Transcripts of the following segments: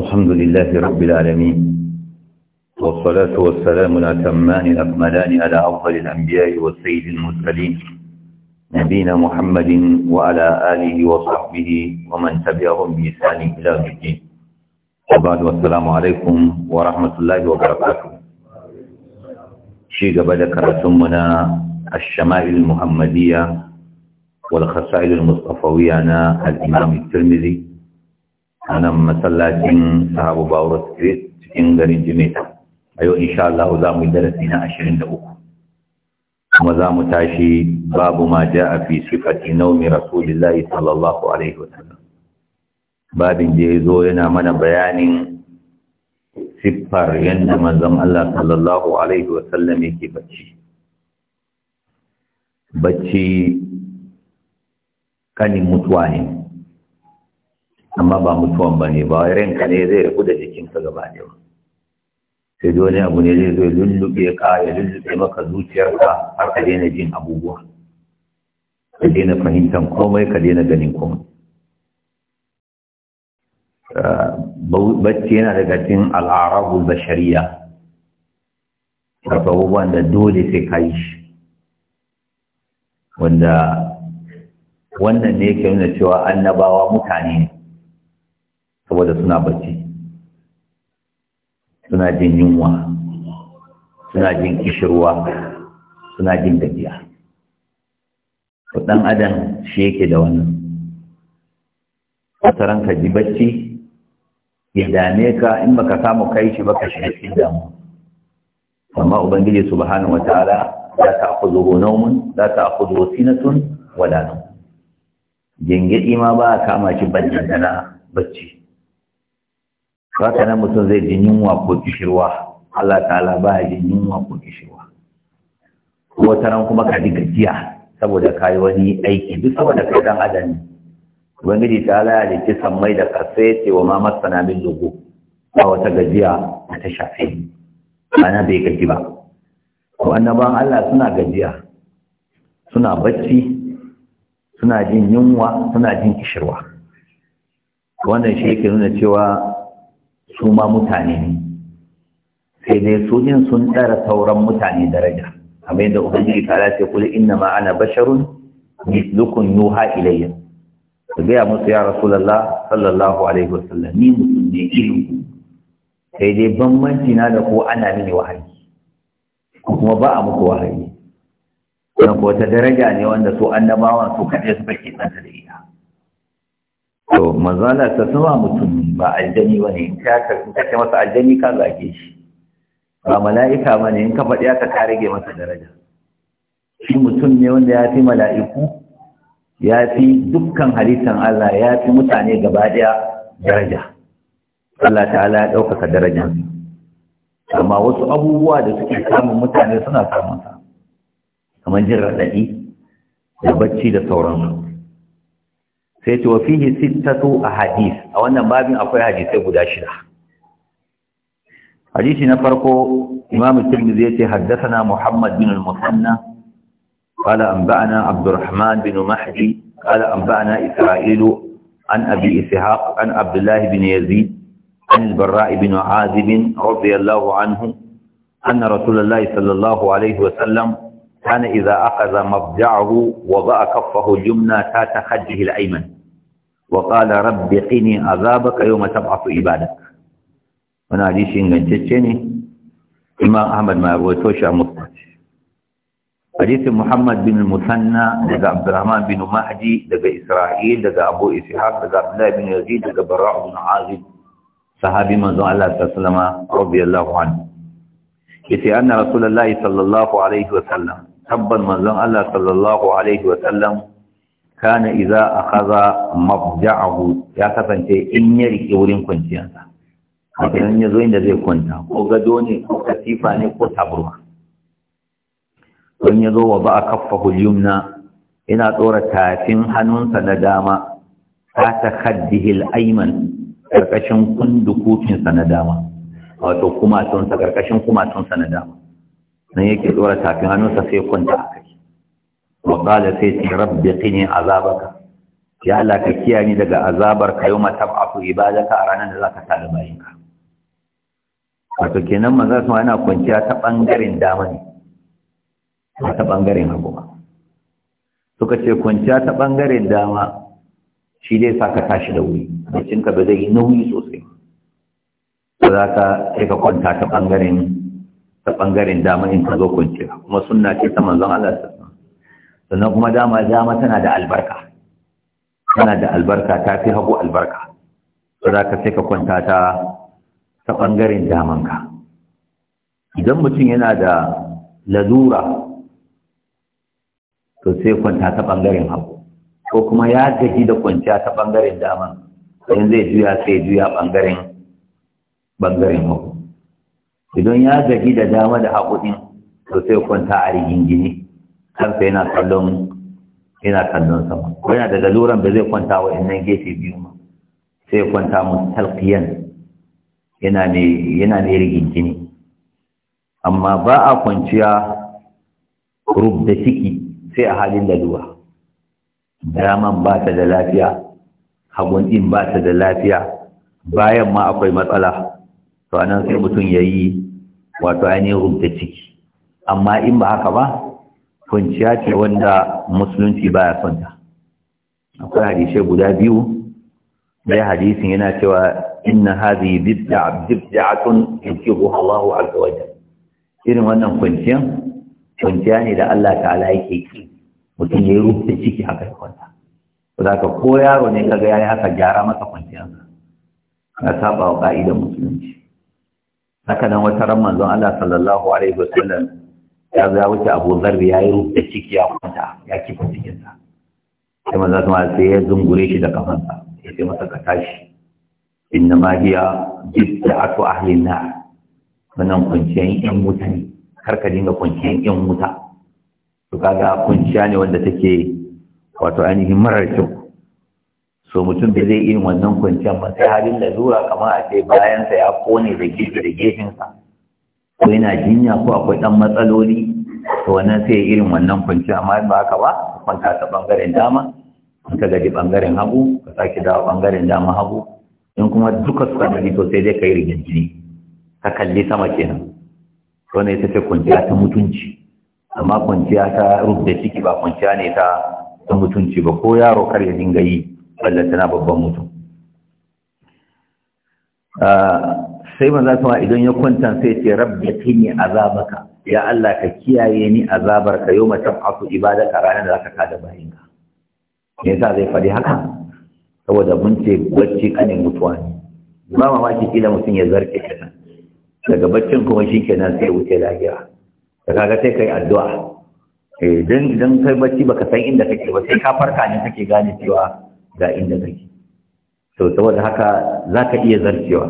الحمد لله رب العالمين والصلاة والسلام الأتمان الأكملان على أفضل الأنبياء والسيد المرسلين نبينا محمد وعلى آله وصحبه ومن تبعهم بإحسان إلى يوم الدين وبعد والسلام عليكم ورحمة الله وبركاته شيخ قبل كراتمنا الشمائل المحمدية والخصائل المصطفوية الإمام الترمذي a nan masallacin sahabu bawar street cikin garin jimeta a yau insha Allah za mu yi darasi na ashirin da uku kuma za mu tashi babu ma ja a fi sifati naumi rasulillahi sallallahu alaihi sallam babin da ya zo yana mana bayanin siffar yadda manzon Allah sallallahu alaihi sallam yake bacci bacci kanin mutuwa ne amma ba mutuwan ba ne ba ranka ne zai rabu da jikinka gaba ne ba sai wani abu ne zai zo lullube ka ya lullube maka zuciyarka har ka daina jin abubuwa ka daina fahimtar komai ka daina ganin komai bacci yana daga cikin al'arabu bashariya shari'a abubuwan da dole sai ka shi wanda wannan ne yake nuna cewa annabawa mutane ne saboda suna bacci suna jin yunwa suna jin kishirwa suna jin gajiya ɗan adam shi yake da wannan wata ka ji bacci ya dame ka in baka samu kai shi baka shiga cikin damu amma ubangiji subhanahu wataala la ta'khudhuhu nawmun la ta'khudhuhu sinatun wala nawm gengedi ma ba kama shi bacci dana bacci haka nan mutum zai ji yunwa ko kishirwa Allah ta'ala ba ya jin yunwa ko kishirwa wata ran kuma ka ji gajiya saboda ka yi wani aiki duk saboda kai dan adam ne ubangiji ta ala ya ce sammai da kasai ce wa ma masana min dogo. ba wata gajiya ba ta shafe ana bai gaji ba ko annaban Allah suna gajiya suna bacci suna jin yunwa suna jin kishirwa wannan shi yake nuna cewa su ma mutane ne sai dai su yin sun tsara sauran mutane daraja kamar yadda ubangiji ta ce kul inna ma ana basharun mislukum yuha ilayya ka gaya musu ya rasulullah sallallahu alaihi wasallam ni mutum ne irin sai dai bambanci na da ko ana mini wahayi ko kuma ba a muku wahayi wannan ko daraja ne wanda su annabawan su kaɗai suka ke tsanta da ita to mazala ta sama mutum ba aljani ba ne ka ce masa aljani ka zage shi ba mala'ika ba ne in ka faɗi aka ka rage masa daraja shi mutum ne wanda ya fi mala'iku ya fi dukkan halittar Allah ya fi mutane gaba ɗaya daraja Allah ta'ala ya ɗaukaka darajar amma wasu abubuwa da suke samun mutane suna samun sa kamar jin raɗaɗi da bacci da sauransu sai ce wa fihi sittatu ahadith a wannan babin akwai hadisai guda shida hadisi na farko imam tirmidhi yace haddathana muhammad bin al-musanna qala anba'ana abdurrahman bin mahdi qala anba'ana isra'ilu an abi ishaq an abdullah bin yazid an al-barra bin azib radiyallahu anhu anna rasulullahi sallallahu alayhi wa sallam كان إذا أخذ مضجعه وضع كفه اليمنى تحت خده الأيمن وقال رب قني عذابك يوم تبعث عبادك وانا حديث انجتشني إمام أحمد ما رويتوش مصطفى حديث محمد بن المثنى لدى عبد الرحمن بن مهدي لدى إسرائيل لدى أبو إسحاق لدى عبد الله بن يزيد لدى براء بن عازب صحابي من زعل الله صلى الله عليه وسلم رضي الله عنه يتي أن رسول الله صلى الله عليه وسلم tabban manzon Allah sallallahu alaihi wa sallam kana idza akhadha mabja'ahu ya kasance in ya rike wurin kwanciyarsa idan ya zo inda zai kwanta ko gado ne ko katifa ne ko taburma don ya zo wa ba a kaffahu na, ina tsora tafin hannunsa na dama ta ta kaddihil aiman karkashin kundukufinsa na dama wato kumatunsa karkashin kumatunsa na dama nan yake dora tafin hannunsa sai kwanta a kai wa qala sai ce rabbi kini azabaka ya Allah ka kiyaye ni daga azabar ka yau matab'atu ibadaka a ranar da za zaka tada bayinka wato kenan maza su yana kwanciya ta bangaren dama ne ba ta bangaren hagu ba suka ce kwanciya ta bangaren dama shi dai sa ka tashi da wuri cinka ba zai yi nauyi sosai ba za ka sai ka kwanta ta bangaren ta bangaren dama in ta zo kwanciya kuma sunna ce ta manzon Allah sallallahu sannan kuma dama dama tana da albarka tana da albarka ta fi hagu albarka za ka sai ka kwanta ta ta bangaren damanka idan mutum yana da lazura to sai kwanta ta bangaren hagu ko kuma ya gaji da kwanciya ta bangaren daman, sai zai juya sai juya bangaren bangaren hagu idan ya gaji da dama da haƙuɗin, to sai kwanta a rigingine kansa yana kallon yana kallon sama ko yana daga luran ba zai kwanta wa innan gefe biyu ma sai kwanta mu talqiyan yana ne yana ne rigingine amma ba a kwanciya da ciki sai a halin laluwa daman ba ta da lafiya hagun ɗin ba ta da lafiya bayan ma akwai matsala to anan sai mutum ya yi wato ainihin rubuta ciki amma in ba haka ba kwanciya ce wanda musulunci ba ya ta akwai hadisai guda biyu ɗaya hadisin yana cewa inna hadhihi bid'atun yukiru Allahu azza wa jalla irin wannan kwanciyan kwanciya ne da Allah ta'ala yake ki mutum ya rubuta ciki haka ya kwanta za ka ko yaro ne kaga yayi haka gyara masa kwanciyansa ka saba wa musulunci haka nan wata ran manzon Allah sallallahu alaihi wasallam ya ga wuce Abu Zar ya yi rubuta ciki ya kwanta ya kifa cikin sa sai manzon Allah sai ya zungure shi da kafansa ya ce masa ka tashi inna ma hiya jiddatu ahli nar wannan kunciyan yan wuta ne kar ka dinga kunciyan yan wuta to kaga kunciya ne wanda take wato ainihin marar kyau so mutum da zai yi wannan kwanciyar ba sai halin zura kamar a ce bayansa ya kone da gefe da gefensa ko yana jinya ko akwai ɗan matsaloli to wannan sai irin wannan kwanciyar amma ba haka ba kwanta ta bangaren dama in ka gaji ɓangaren hagu ka sake dawo bangaren dama hagu in kuma duka suka gaji to sai dai ka yi rigingini ka kalli sama kenan to ne ita ce kwanciya ta mutunci amma kwanciya ta rubda ciki ba kwanciya ne ta ta mutunci ba ko yaro kar ya dinga yi ballantana babban mutum ah, sai manza sama idan ya kwanta sai ce rabbi kini azabaka ya Allah ka kiyaye ni azabar ka yau mace aku ibada ka ranar da za ka kada bayan ka me yasa zai faɗi haka saboda mun ce bacci kanin mutuwa ne ba mamaki kila mutum ya zarke kenan daga baccin kuma shi kenan sai wuce lahira da kaga sai kai addu'a eh idan kai bacci baka san inda kake ba sai ka farka ne kake gane cewa ga inda kake to saboda haka za iya zarcewa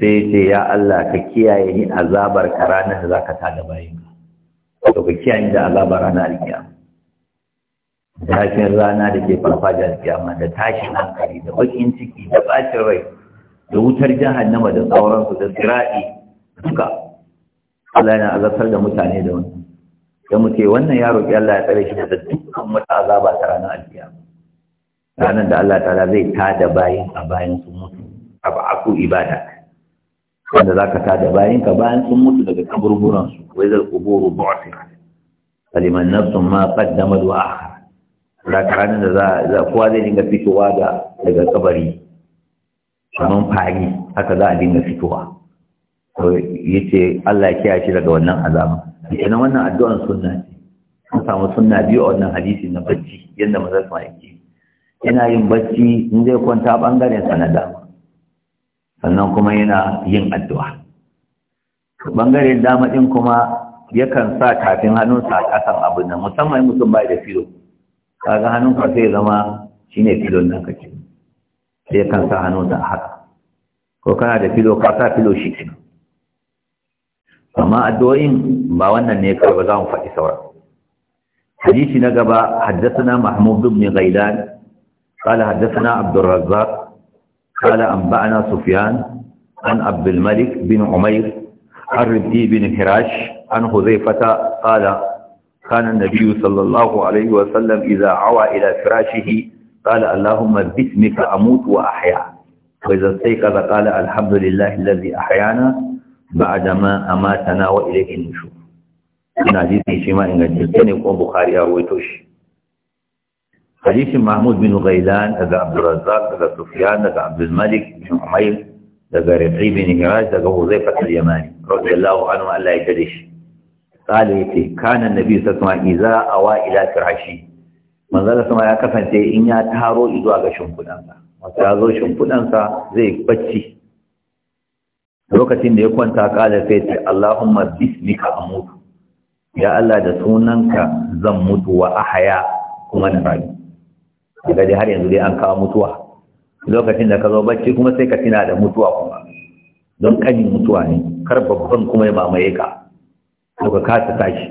sai ce ya Allah ka kiyaye ni azabar ka ranar da zaka tada bayan ka to ka kiyaye ni da azabar ranar alkiyama zafin rana da ke farfajar kiyama da tashin hankali da bakin ciki da bacin rai da wutar jahannama da sauransu da sira'i duka Allah yana azabtar da mutane da wannan da muke wannan yaro ya Allah ya tsare shi da dukkan wata azaba ta ranar alkiyama ranar da Allah ta'ala zai tada bayan a bayan sun mutu a aku ibada wanda za ka tada bayan ka bayan sun mutu daga kaburburansu wai zai kuburu ba'afi kaliman nafsun ma qaddamar wa akhar za ka ranar da za kowa zai dinga fitowa daga kabari kamar fari haka za a dinga fitowa ce Allah ya kiyashi daga wannan ita Na wannan addu'an sunna ce an samu sunna biyu a wannan hadisi na bacci yadda maza ya yake yana yin bacci in zai kwanta bangaren sa na dama sannan kuma yana yin addu'a bangaren dama din kuma yakan sa kafin hannunsa a ƙasan abin nan musamman mutum bai da filo kaga hannunka sai zama shine filon nan kake sai yakan sa hannunsa haka ko kana da filo ka sa filo shi kenan amma addu'o'in ba wannan ne kawai ba za mu faɗi sauran hadisi na gaba Haddasa na mahmud ibn ghailan قال حدثنا عبد الرزاق قال أنبأنا سفيان عن عبد الملك بن عمير عن ربدي بن حراش عن حذيفة قال كان النبي صلى الله عليه وسلم إذا عوى إلى فراشه قال اللهم باسمك أموت وأحيا وإذا استيقظ قال الحمد لله الذي أحيانا بعدما أماتنا وإليه النشور. Ina jisi shi ma ingantacce ne kuma Bukhari ya ruwaito shi. hadisin mahmud bin ghailan daga abdurrazzaq daga sufyan daga abdulmalik bin umayr daga rabi bin hiraj daga huzaifa al-yamani radiyallahu anhu Allah ya tare shi قال yace kana nabi sallallahu alaihi wasallam idza awa ila firashi manzala sama ya kasance in ya taro zuwa ga shimfudansa wata ya zo sa zai bacci lokacin da ya kwanta kala sai ce Allahumma bismika amutu ya Allah da sunanka zan mutu wa ahaya kuma na rayu gaji har yanzu dai an kawo mutuwa lokacin da ka zo bacci kuma sai ka tina da mutuwa kuma don kanin mutuwa ne kar babban kuma ya mamaye ka to ka kasa tashi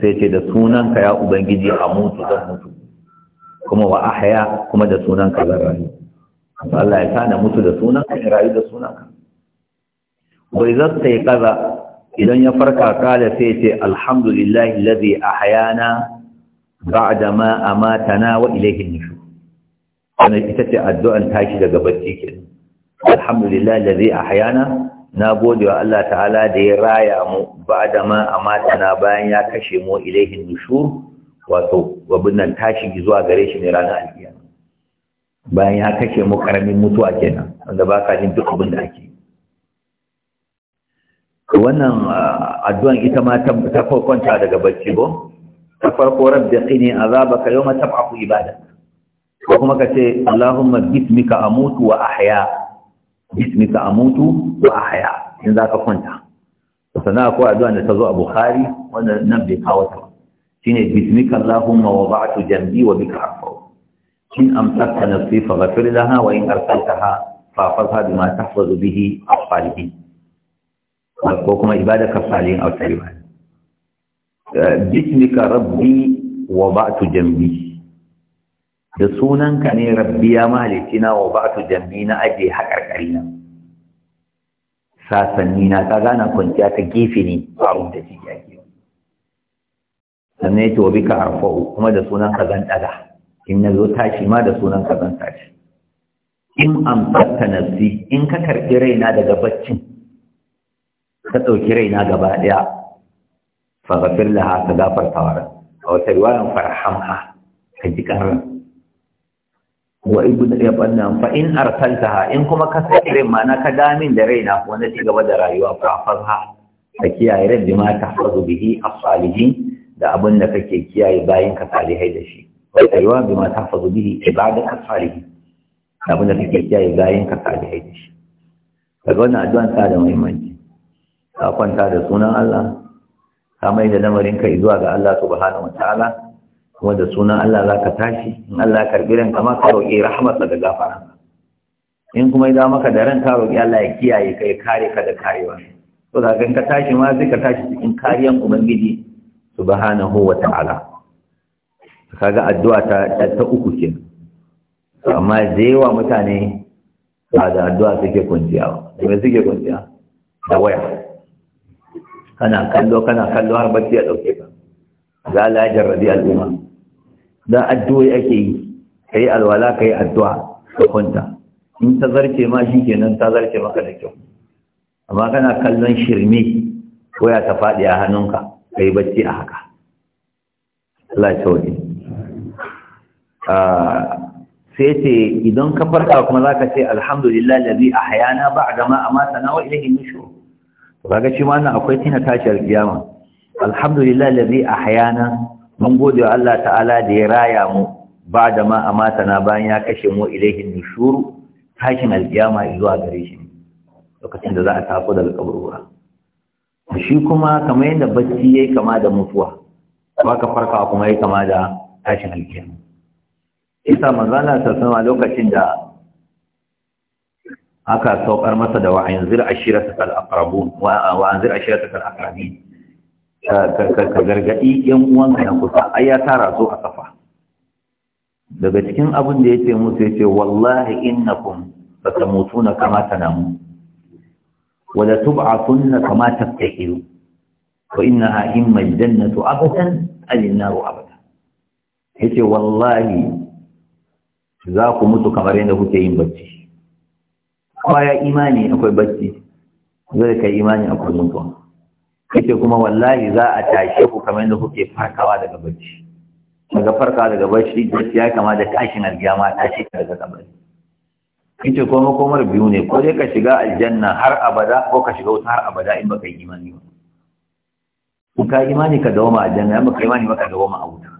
sai ce da sunanka ya ubangiji a mutu zan mutu kuma wa ahya kuma da ka zan rayu Allah ya sa mutu da sunanka ya rayu da sunanka wai zasta ya kaza idan ya farka kala sai ce alhamdulillahi ladhi ahyana ba'da ma amatana wa ilayhi nushur wannan ita ce addu'an tashi daga bacci kenan alhamdulillah allazi ahyana na gode wa Allah ta'ala da ya raya mu ba'da ma amatana bayan ya kashe mu ilayhi nushur wato wabinnan tashi zuwa gare shi ne ranar alkiyama bayan ya kashe mu karamin mutuwa kenan wanda ba ka jin duk abin da ake wannan addu'an ita ma ta farkonta daga bacci ba تفرق رب قني عذابك يوم تبعث عبادك وكما كتي اللهم باسمك أموت وأحيا باسمك أموت وأحيا إن ذاك كنت فسنا أقوى أدوى أن تزوء بخاري ونبدي قاوته شيني باسمك اللهم وضعت جنبي وبك أرفو إن أمسكت نفسي فغفر لها وإن أرسلتها فأفضها بما تحفظ به أطفاله وكما إبادك الصالحين أو تريبان bismika rabbi wa ba'tu jambi da sunanka ne rabbi ya na wa ba'tu jambi na aje haƙarƙari na sasanni na ka gana kwanciya ta gefe ne ba da ciki ya ke sannan ya ce wa bika arfa'u kuma da sunan ka zan ɗaga in na zo tashi ma da sunan ka zan tashi in fata nafsi in ka karɓi raina daga baccin ka ɗauki raina gaba ɗaya faghfir laha ka gafarta wa a wata riwayan farhamha ka ji karar wa ibnu ya banna fa in arsaltaha in kuma ka sake mana ka damin da raina wanda ci gaba da rayuwa fa fazha ka kiyaye ran bi ma tahfazu bihi as-salihin da abin da kake kiyaye bayin ka salihai da shi wa taywa bi ma tahfazu bihi ibadaka salihin da abin da kake kiyaye bayin ka salihai da shi daga wannan addu'an ta da muhimmanci ka kwanta da sunan Allah ka mai da lamarin ka zuwa ga Allah subhanahu ta'ala kuma da sunan Allah za ka tashi in Allah ya karbi ranka ma ka roƙi rahmatsa da gafara in kuma ya maka da ran ka roƙi Allah ya kiyaye ka ya kare ka da karewa to da ka tashi ma sai ka tashi cikin kariyan ubangiji subhanahu wataala kaga addu'a ta ta uku kenan amma da yawa mutane ba da addu'a suke kwanciya ba suke kwanciya da waya kana kallo kana kallo har bacci ya dauke ka ga Allah ya al'umma dan addu'o'i ake yi kai alwala kai addu'a ka kwanta in ta zarce ma kenan ta zarce maka da kyau amma kana kallon shirme ya ta faɗi a hannunka kai bacci a haka Allah ya a ah, sai ce idan ka farka kuma zaka ce alhamdulillah ladhi ahyana ba'da ma amatana wa ilayhi nushur kaga shi ma wannan akwai tina tashiyar kiyama alhamdulillah a ahyana mun gode wa Allah ta'ala da ya raya mu ba da ma amatana bayan ya kashe mu ilaihin nushur tashin alkiyama zuwa gare shi lokacin da za a tafi daga kaburbura shi kuma kamar yadda bacci yayi kama da mutuwa ba ka farka kuma yayi kama da tashin alkiyama isa manzana sallallahu lokacin da haka saukar masa da wa'ayin zira ashirata al-aqrabun wa anzir ashirata al-aqrabin ka gargaɗi yan uwanka na kusa ai ya tara su a kafa daga cikin abin da ya ce musu ya ce, wallahi na kun! innakum satamutuna kama tanamu wa la tub'athunna kama tafkiru wa innaha imma al-jannatu abadan al-naru Ya ce, wallahi za ku mutu kamar yadda kuke yin bacci ya imani akwai bacci zai kai imani akwai mutuwa kace kuma wallahi za a tashe ku kamar yadda kuke farkawa daga bacci daga farkawa daga bacci ya kama da tashin aljama tashi ka daga kabari kace ko makomar biyu ne ko dai ka shiga aljanna har abada ko ka shiga wuta har abada in baka yi imani ba in ka imani ka dawo ma aljanna in baka imani baka ka ma a wuta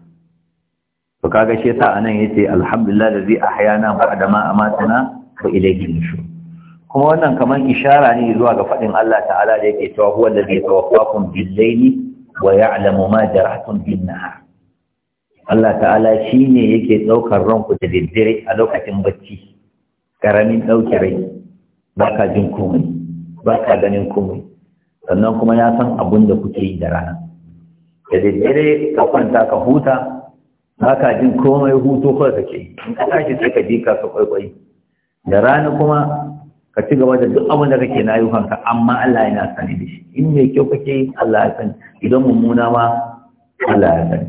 to kaga shi yasa anan yace alhamdulillah da zai ahyana ba'da ma amatana wa ilayhi nushur kuma wannan kamar ishara ne zuwa ga faɗin Allah ta'ala da yake cewa huwa zai yatawaffakum bil-layli wa ya'lamu ma jarahtum bin-nahar Allah ta'ala shi ne yake ɗaukar ranku da daddare a lokacin bacci ƙaramin ɗauke rai baka jin komai baka ganin komai sannan kuma ya san abin da kuke yi da rana da daddare ka kwanta ka huta baka jin komai hutu kawai kake in ka tashi sai ka ji ka su kwaikwai da rana kuma ka ci gaba da duk abin da kake na ayyukanka amma Allah yana sani da shi in mai kyau kake Allah ya sani idan mummuna ma Allah ya sani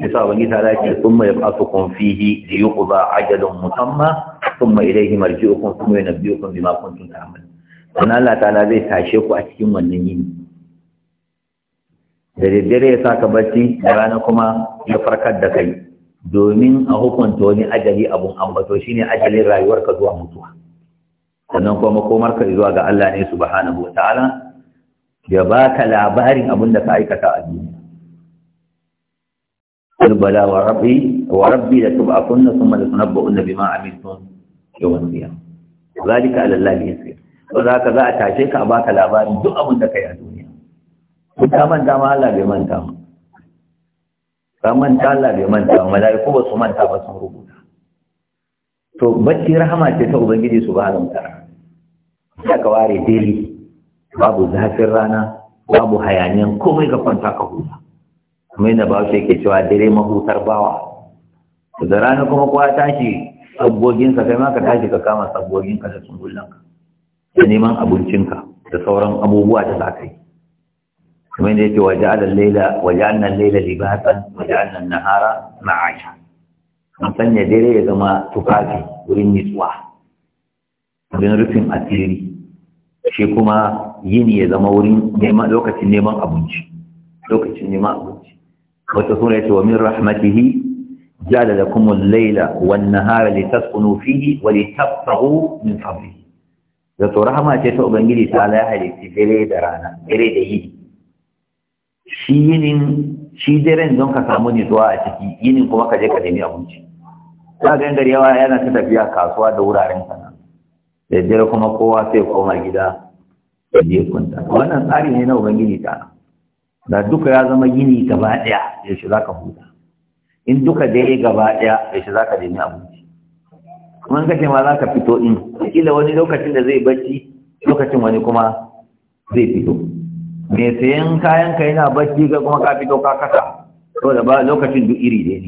yasa wani ta lafi sun mai basu fihi da yi kuza ajalin musamman sun mai ilaihi marji'ukun sun mai kun bima kuntum ta'malu sannan Allah ta'ala zai tashe ku a cikin wannan yini da daddare ya saka barci da rana kuma ya farkar da kai domin a hukunta wani ajali abun ambato shine ajalin rayuwarka zuwa mutuwa sannan kuma makomarka zuwa ga Allah ne subhanahu ta'ala ya baka labarin abin da ka aikata a duniya wa Rabbi da قل بلى وربي وربي لتبعثن ثم لتنبؤن بما عملتم يوم القيامه ذلك على الله يسير وذاك za ka a tashe ka a baka labarin duk abin da ka yi a duniya ko ta manta ma Allah bai manta ma ka manta Allah bai manta ma malaiku ba su manta ba sun rubuta to bacci rahama ce ta ubangiji subhanahu wa mutara. ka ware daily babu zafin rana babu hayaniyan komai ga kwanta ka huta kuma yadda ba shi yake cewa dare mahutar bawa da rana kuma kowa tashi sabboginsa kai ma ka tashi ka kama sabboginka da sungullanka da neman abincinka da sauran abubuwa da za ka yi kuma yadda yake waje laila waje annan laila libasan waje annan nahara aisha. an sanya dare ya zama tufafi wurin nitsuwa wurin rufin asiri shi kuma yini ya zama wurin lokacin neman abinci lokacin neman abinci wata sura ya ce wa min rahmatihi jada da kuma laila wannan hara li taskunu fihi wa li min fadlihi da to rahama ce ta ubangiji ta ala ya dare da rana dare da yi. shi yinin shi daren don ka samu nutsuwa a ciki yinin kuma ka je ka nemi abinci ta ga gari yawa yana ta tafiya kasuwa da wuraren sana'a da jira kuma kowa sai koma gida da kwanta wannan tsari ne na ubangiji ta da duka ya zama gini gaba daya yaushe za ka huta in duka dai gaba daya yaushe za ka nemi abinci kuma in kace ma zaka fito in kila wani lokacin da zai bacci lokacin wani kuma zai fito Me sayan kayan ka yana bacci ga kuma ka fito ka kasa da ba lokacin duk iri ɗaya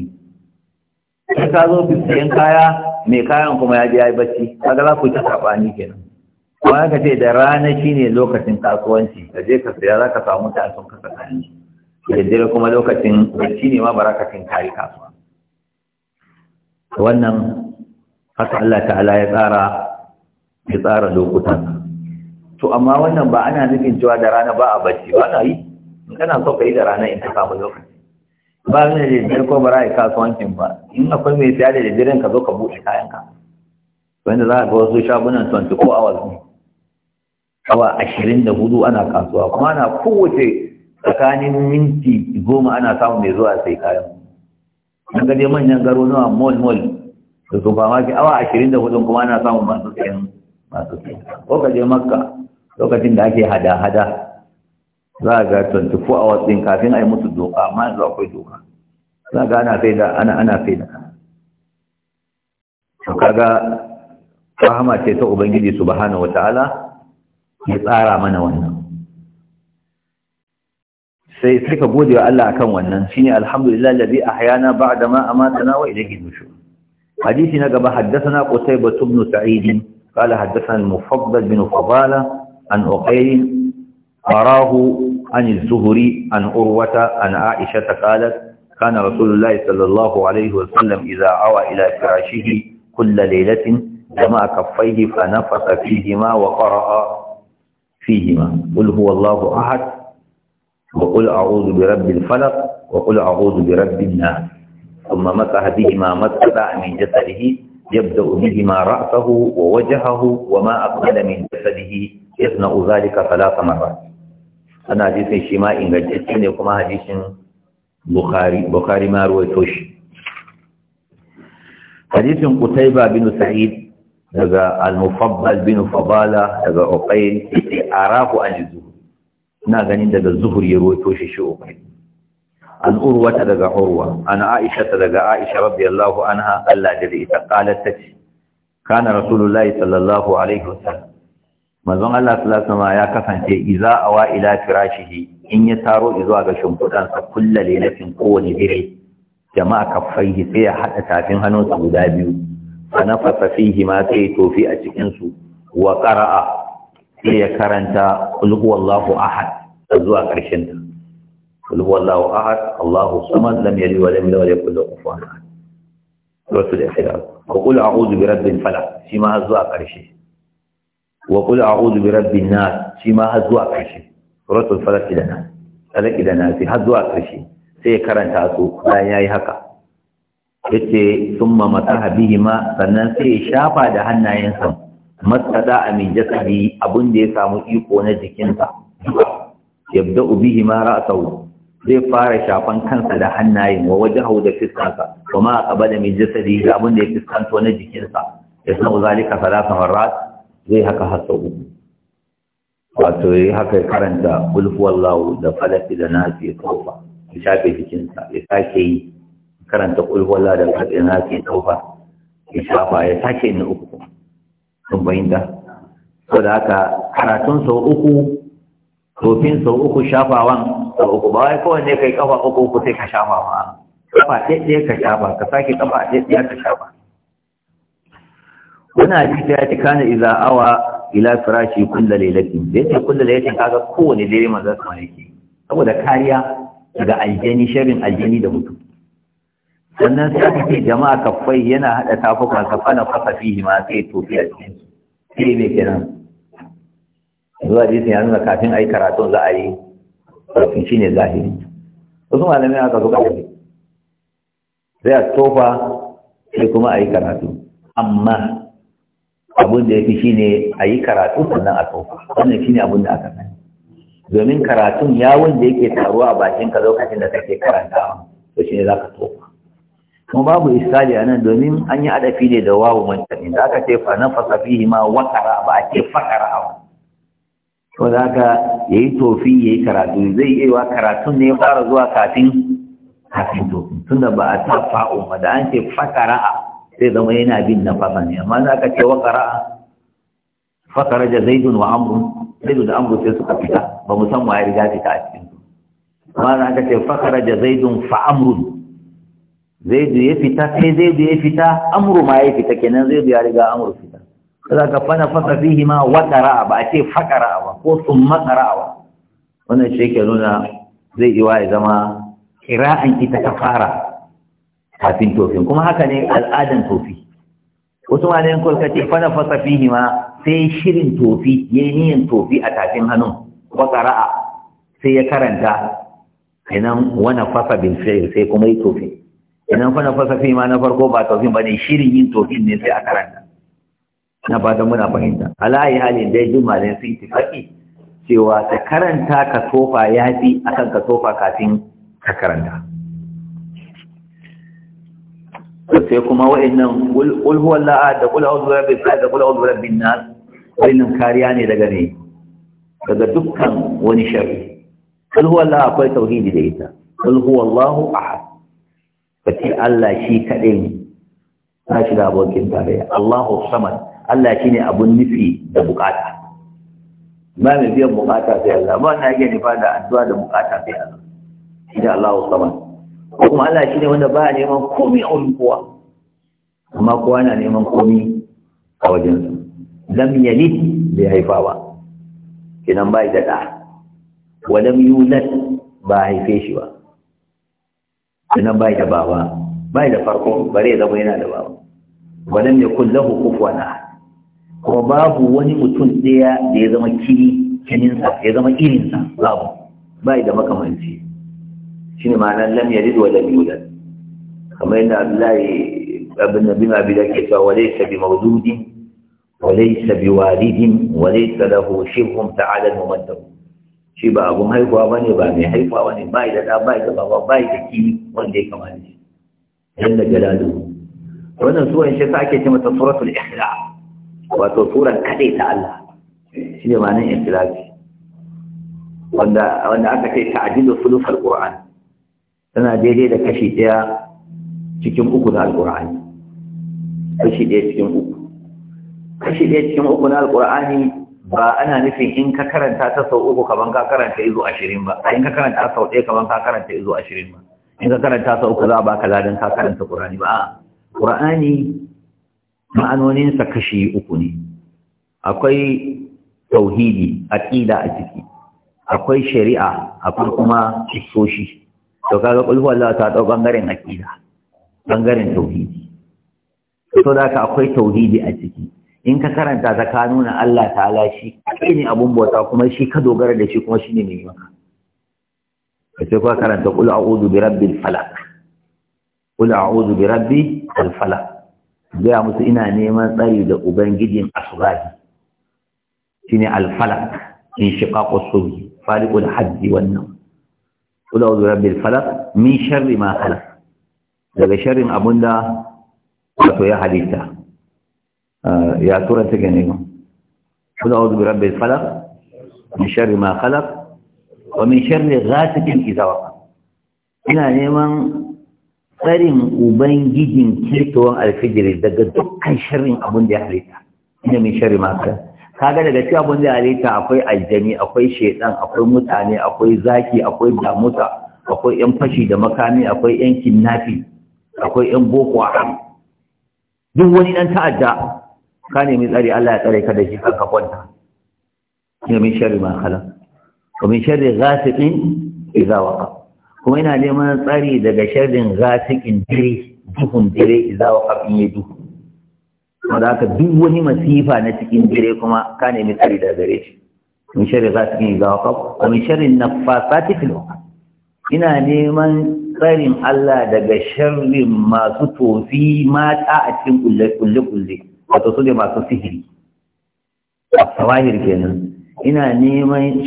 ne sai ka zo sayan kaya mai kayan kuma ya je ya yi bacci kaga za ku ta sabani kenan kuma ka ce da rana shine lokacin kasuwanci ka je ka saya za ka samu ta sun kasa kayan da kuma lokacin bacci ne ma ba za ka cin kayi kasuwa wannan haka Allah ta'ala ya tsara ya tsara lokutan to amma wannan ba ana nufin cewa da rana ba a bacci ba na yi kana so ka yi da rana in ka samu lokaci ba ni da jirgin ko ba za a yi kasuwancin ba in akwai mai siya da jirgin ka zo ka buɗe kayanka wanda za a ga wasu shagunan 24 hours ne awa ashirin da hudu ana kasuwa kuma ana kowace tsakanin minti goma ana samun mai zuwa sai kayan an gaje manyan garuruwa mol mol da supermarket awa ashirin da hudu kuma ana samun masu sayan masu sayan ko ka makka lokacin da ake hada-hada za a ga 24 hours din kafin a yi mutu doka amma yanzu akwai doka za a ga ana sai da ana ana sai da to kaga rahama ce ta ubangiji subhanahu wataala ya tsara mana wannan sai sai ka gode wa Allah akan wannan shine alhamdulillah alladhi ahyana ba'da ma amatana wa ilayhi nushur hadisi na gaba haddathana qutaybah ibn sa'id قال حدثنا المفضل بن فضالة an أقيل أراه عن الزهري عن أروة عن عائشة قالت كان رسول الله صلى الله عليه وسلم إذا أوى إلى فراشه كل ليلة جمع كفيه فنفث فيهما وقرأ فيهما قل هو الله أحد وقل أعوذ برب الفلق وقل أعوذ برب الناس ثم مسح بهما ما من جسده يبدأ بهما رأسه ووجهه وما أقبل من جسده يصنع ذلك ثلاث مرات ana hadisin shi ma ingantacce ne kuma hadisin bukhari bukhari ma ruwaito shi hadisin qutayba bin sa'id daga al-mufaddal bin fadala daga uqayl arahu an zuhri ina ganin daga zuhri ya ruwaito shi shi uqayl an urwa daga urwa ana aisha daga aisha radiyallahu anha Allah da ita qalat tace kana rasulullahi sallallahu alaihi wasallam Mazan Allah sallallahu ya kasance iza awa ila firashihi in ya taro zuwa ga shimfudan sa kulla lailatin kowane dire jama'a kaffaihi sai ya hada tafin hannunsa guda biyu fa nafasa fihi ma sai ya tofi a cikinsu, su wa qara'a sai ya karanta qul Ahad ahad zuwa karshen ta qul ahad Allahu samad lam yalid wa lam yulad wa lam yakul lahu kufuwan ahad suratul ikhlas ko qul a'udhu bi rabbil falaq shi ma zuwa karshe wa qul a'udhu bi rabbin nas shi ma har zuwa ƙarshe suratul da nas falaq da nas har zuwa ƙarshe sai ya karanta su bayan yayi haka yace summa mataha ma sannan sai ya shafa da hannayensa masada min jasadi abun da ya samu iko na jikinsa yabda'u bihima ra'sahu zai fara shafan kansa da hannayen wa hau da fiskansa wa ma da min jasadi abun da ya fiskanto na jikinsa ya yasna'u zalika thalatha marrat zai haka har uku wato ya haka karanta ulhuwallahu da falafi da nasi taufa ya shafe jikinsa ya sake yi karanta ulhuwallahu da falafi da nasi taufa ya shafa ya sake na uku sun da so da haka karatun sau uku tofin sau uku shafawan sau uku ba wai kowanne kai kafa uku uku sai ka shafa ma kafa ɗaya ka shafa ka sake kafa ɗaya ka shafa kuna hadisi ya ci kana iza awa ila firashi kulla lailatin da yake kulla lailatin kaga kowane dare manzo sama yake saboda kariya daga aljani sharrin aljani da mutu. sannan sai aka jama'a kafai yana hada tafukan sa fana fasa fihi ma sai tofi a cikin sai me kenan zuwa hadisin ya nuna kafin ai karatu za a yi kafin shine zahiri wasu malamai aka zo kafin sai a tofa sai kuma yi karatu amma abin da ya fi shi ne a yi karatu sannan a tsofa wannan shi ne abin da aka sani domin karatun yawon da yake taruwa a bakin ka lokacin da kake karantawa to shi ne za ka tsofa kuma babu isali a nan domin an yi adafi ne da wawu mantani da aka ce fa na fihi ma wakara ba a ce fakara ba to da ka ya yi tofi ya yi karatu zai iya wa karatun ne ya fara zuwa kafin kafin tofi tunda ba a ta fa'o ba da an ce fakara sai zama yana bin na fasa ne amma za ka ce wa ƙara'a fakara da zaidun wa amru zaidu da amru sai suka fita ba mu san waye riga fita a cikin su amma za ka ce fakara da zaidun fa amru zaidu ya fita sai zaidu ya fita amru ma ya fita kenan zaidu ya riga amru fita za ka fana fasa fihi ma wa ƙara'a ba a ce fakara ba ko summa ƙara'a ba wannan shi ke nuna zai iya ya zama kira'an ita ta fara kafin tofin kuma haka ne al'adan tofi wasu ma ne kwalka ce fana fasa fihi ma sai shirin tofi ya yi niyan tofi a tafin hannun wa ƙara'a sai ya karanta inan wana fasa bin sai kuma yi tofi inan fana fasa fihi ma na farko ba tofin ba ne shirin yin tofin ne sai a karanta na fatan muna fahimta alayi halin dai jumalin sun tifaki cewa ta karanta ka tofa ya fi akan ka tofa kafin ka karanta sai kuma wa'annan qul huwallahu da qul a'udhu birabbil falaq da qul a'udhu birabbin nas wa'annan kariya ne daga ne daga dukkan wani shari'a qul huwallahu akwai tauhidi da ita qul huwallahu ahad kace Allah shi kaɗai ne na shi da abokin tarayya Allahu samad Allah ne abun nufi da bukata ba mai biyan bukata sai Allah ba na yake nufa da addu'a da bukata sai Allah shi da Allahu samad kuma Allah shi ne wanda ba neman komi a wurin kowa amma kowa na neman komi a wajensa lam yalid bai haifa ba kinan bai da ɗa wa lam yulad ba haife shi ba kinan bai da baba bai da farko bare ya zama yana da baba wa lam yakul lahu kufuwan ahad kuma babu wani mutum ɗaya da ya zama kiri kininsa ya zama irinsa babu bai da makamanci shine ma'anar lam yalid wa lam yulad kamar yadda Abdullahi abin Nabi ma bidan ke cewa walaysa bi wale walaysa bi walidin walaysa lahu shibhun ta'ala al-mumaddad shi ba abun haihuwa ne ba mai haihuwa ne ba da da ba da baba ba da kini wanda ya kamata shi jalla jalaluhu wannan suran shi sa ake ce mata suratul ikhlas wato suran kadai ta Allah shi ne ma'anar ikhlasi wanda aka kai ta ta'dilu sulufal qur'an tana daidai da kashi ɗaya cikin uku na alkur'ani kashi daya cikin uku kashi daya cikin uku na alkur'ani ba ana nufin in ka karanta ta sau uku kaman ka karanta izo ashirin ba in ka karanta sau ɗaya kaman ka karanta izo ashirin ba in ka karanta sau uku za a baka ladan ka karanta ƙur'ani ba a'a ƙur'ani ma'anoninsa kashi uku ne akwai tauhidi aqida a ciki akwai shari'a akwai kuma kisoshi to kaga kulhu Allah ta dau bangaren akida bangaren tauhidi to da ka akwai tauhidi a ciki in ka karanta ta ka nuna Allah ta'ala shi kai ne abun bauta kuma shi ka dogara da shi kuma shine mai maka kace ka karanta qul a'udhu bi rabbil falaq qul a'udhu bi al falaq ga musu ina neman tsari da ubangijin asbahi shine al falaq in shiqaqus subhi faliqul hajji wan nawm qul a'udhu bi rabbil falaq min sharri ma khalaq daga sharrin abunda wato ya halitta ya tura take ne qul a'udhu bi rabbil falaq min sharri ma khalaq wa min ina neman tsarin ubangijin kirtowar alfijiri daga dukkan sharrin abin da ya halitta ina min sharri kala. kaga daga cewa mun zai halitta akwai aljani akwai shedan akwai mutane akwai zaki akwai damuta akwai yan fashi da makami akwai yan kinnafi akwai yan boko haram duk wani dan ta'adda ka nemi tsari Allah ya tsare ka da shi har ka kwanta ne min sharri ma khala wa min sharri ghasiqin idza waqa kuma ina neman tsari daga sharrin ghasiqin dire duhun dare idza waqa in yi duhu wanda aka duk wani masifa na cikin dare kuma ka nemi tsari da gare shi min sharri ghasiqin idha waqab wa min sharri naffasati fil ina neman tsarin Allah daga sharrin masu tofi mata a cikin kulle-kulle wato su ne masu sihiri a sawahir kenan ina neman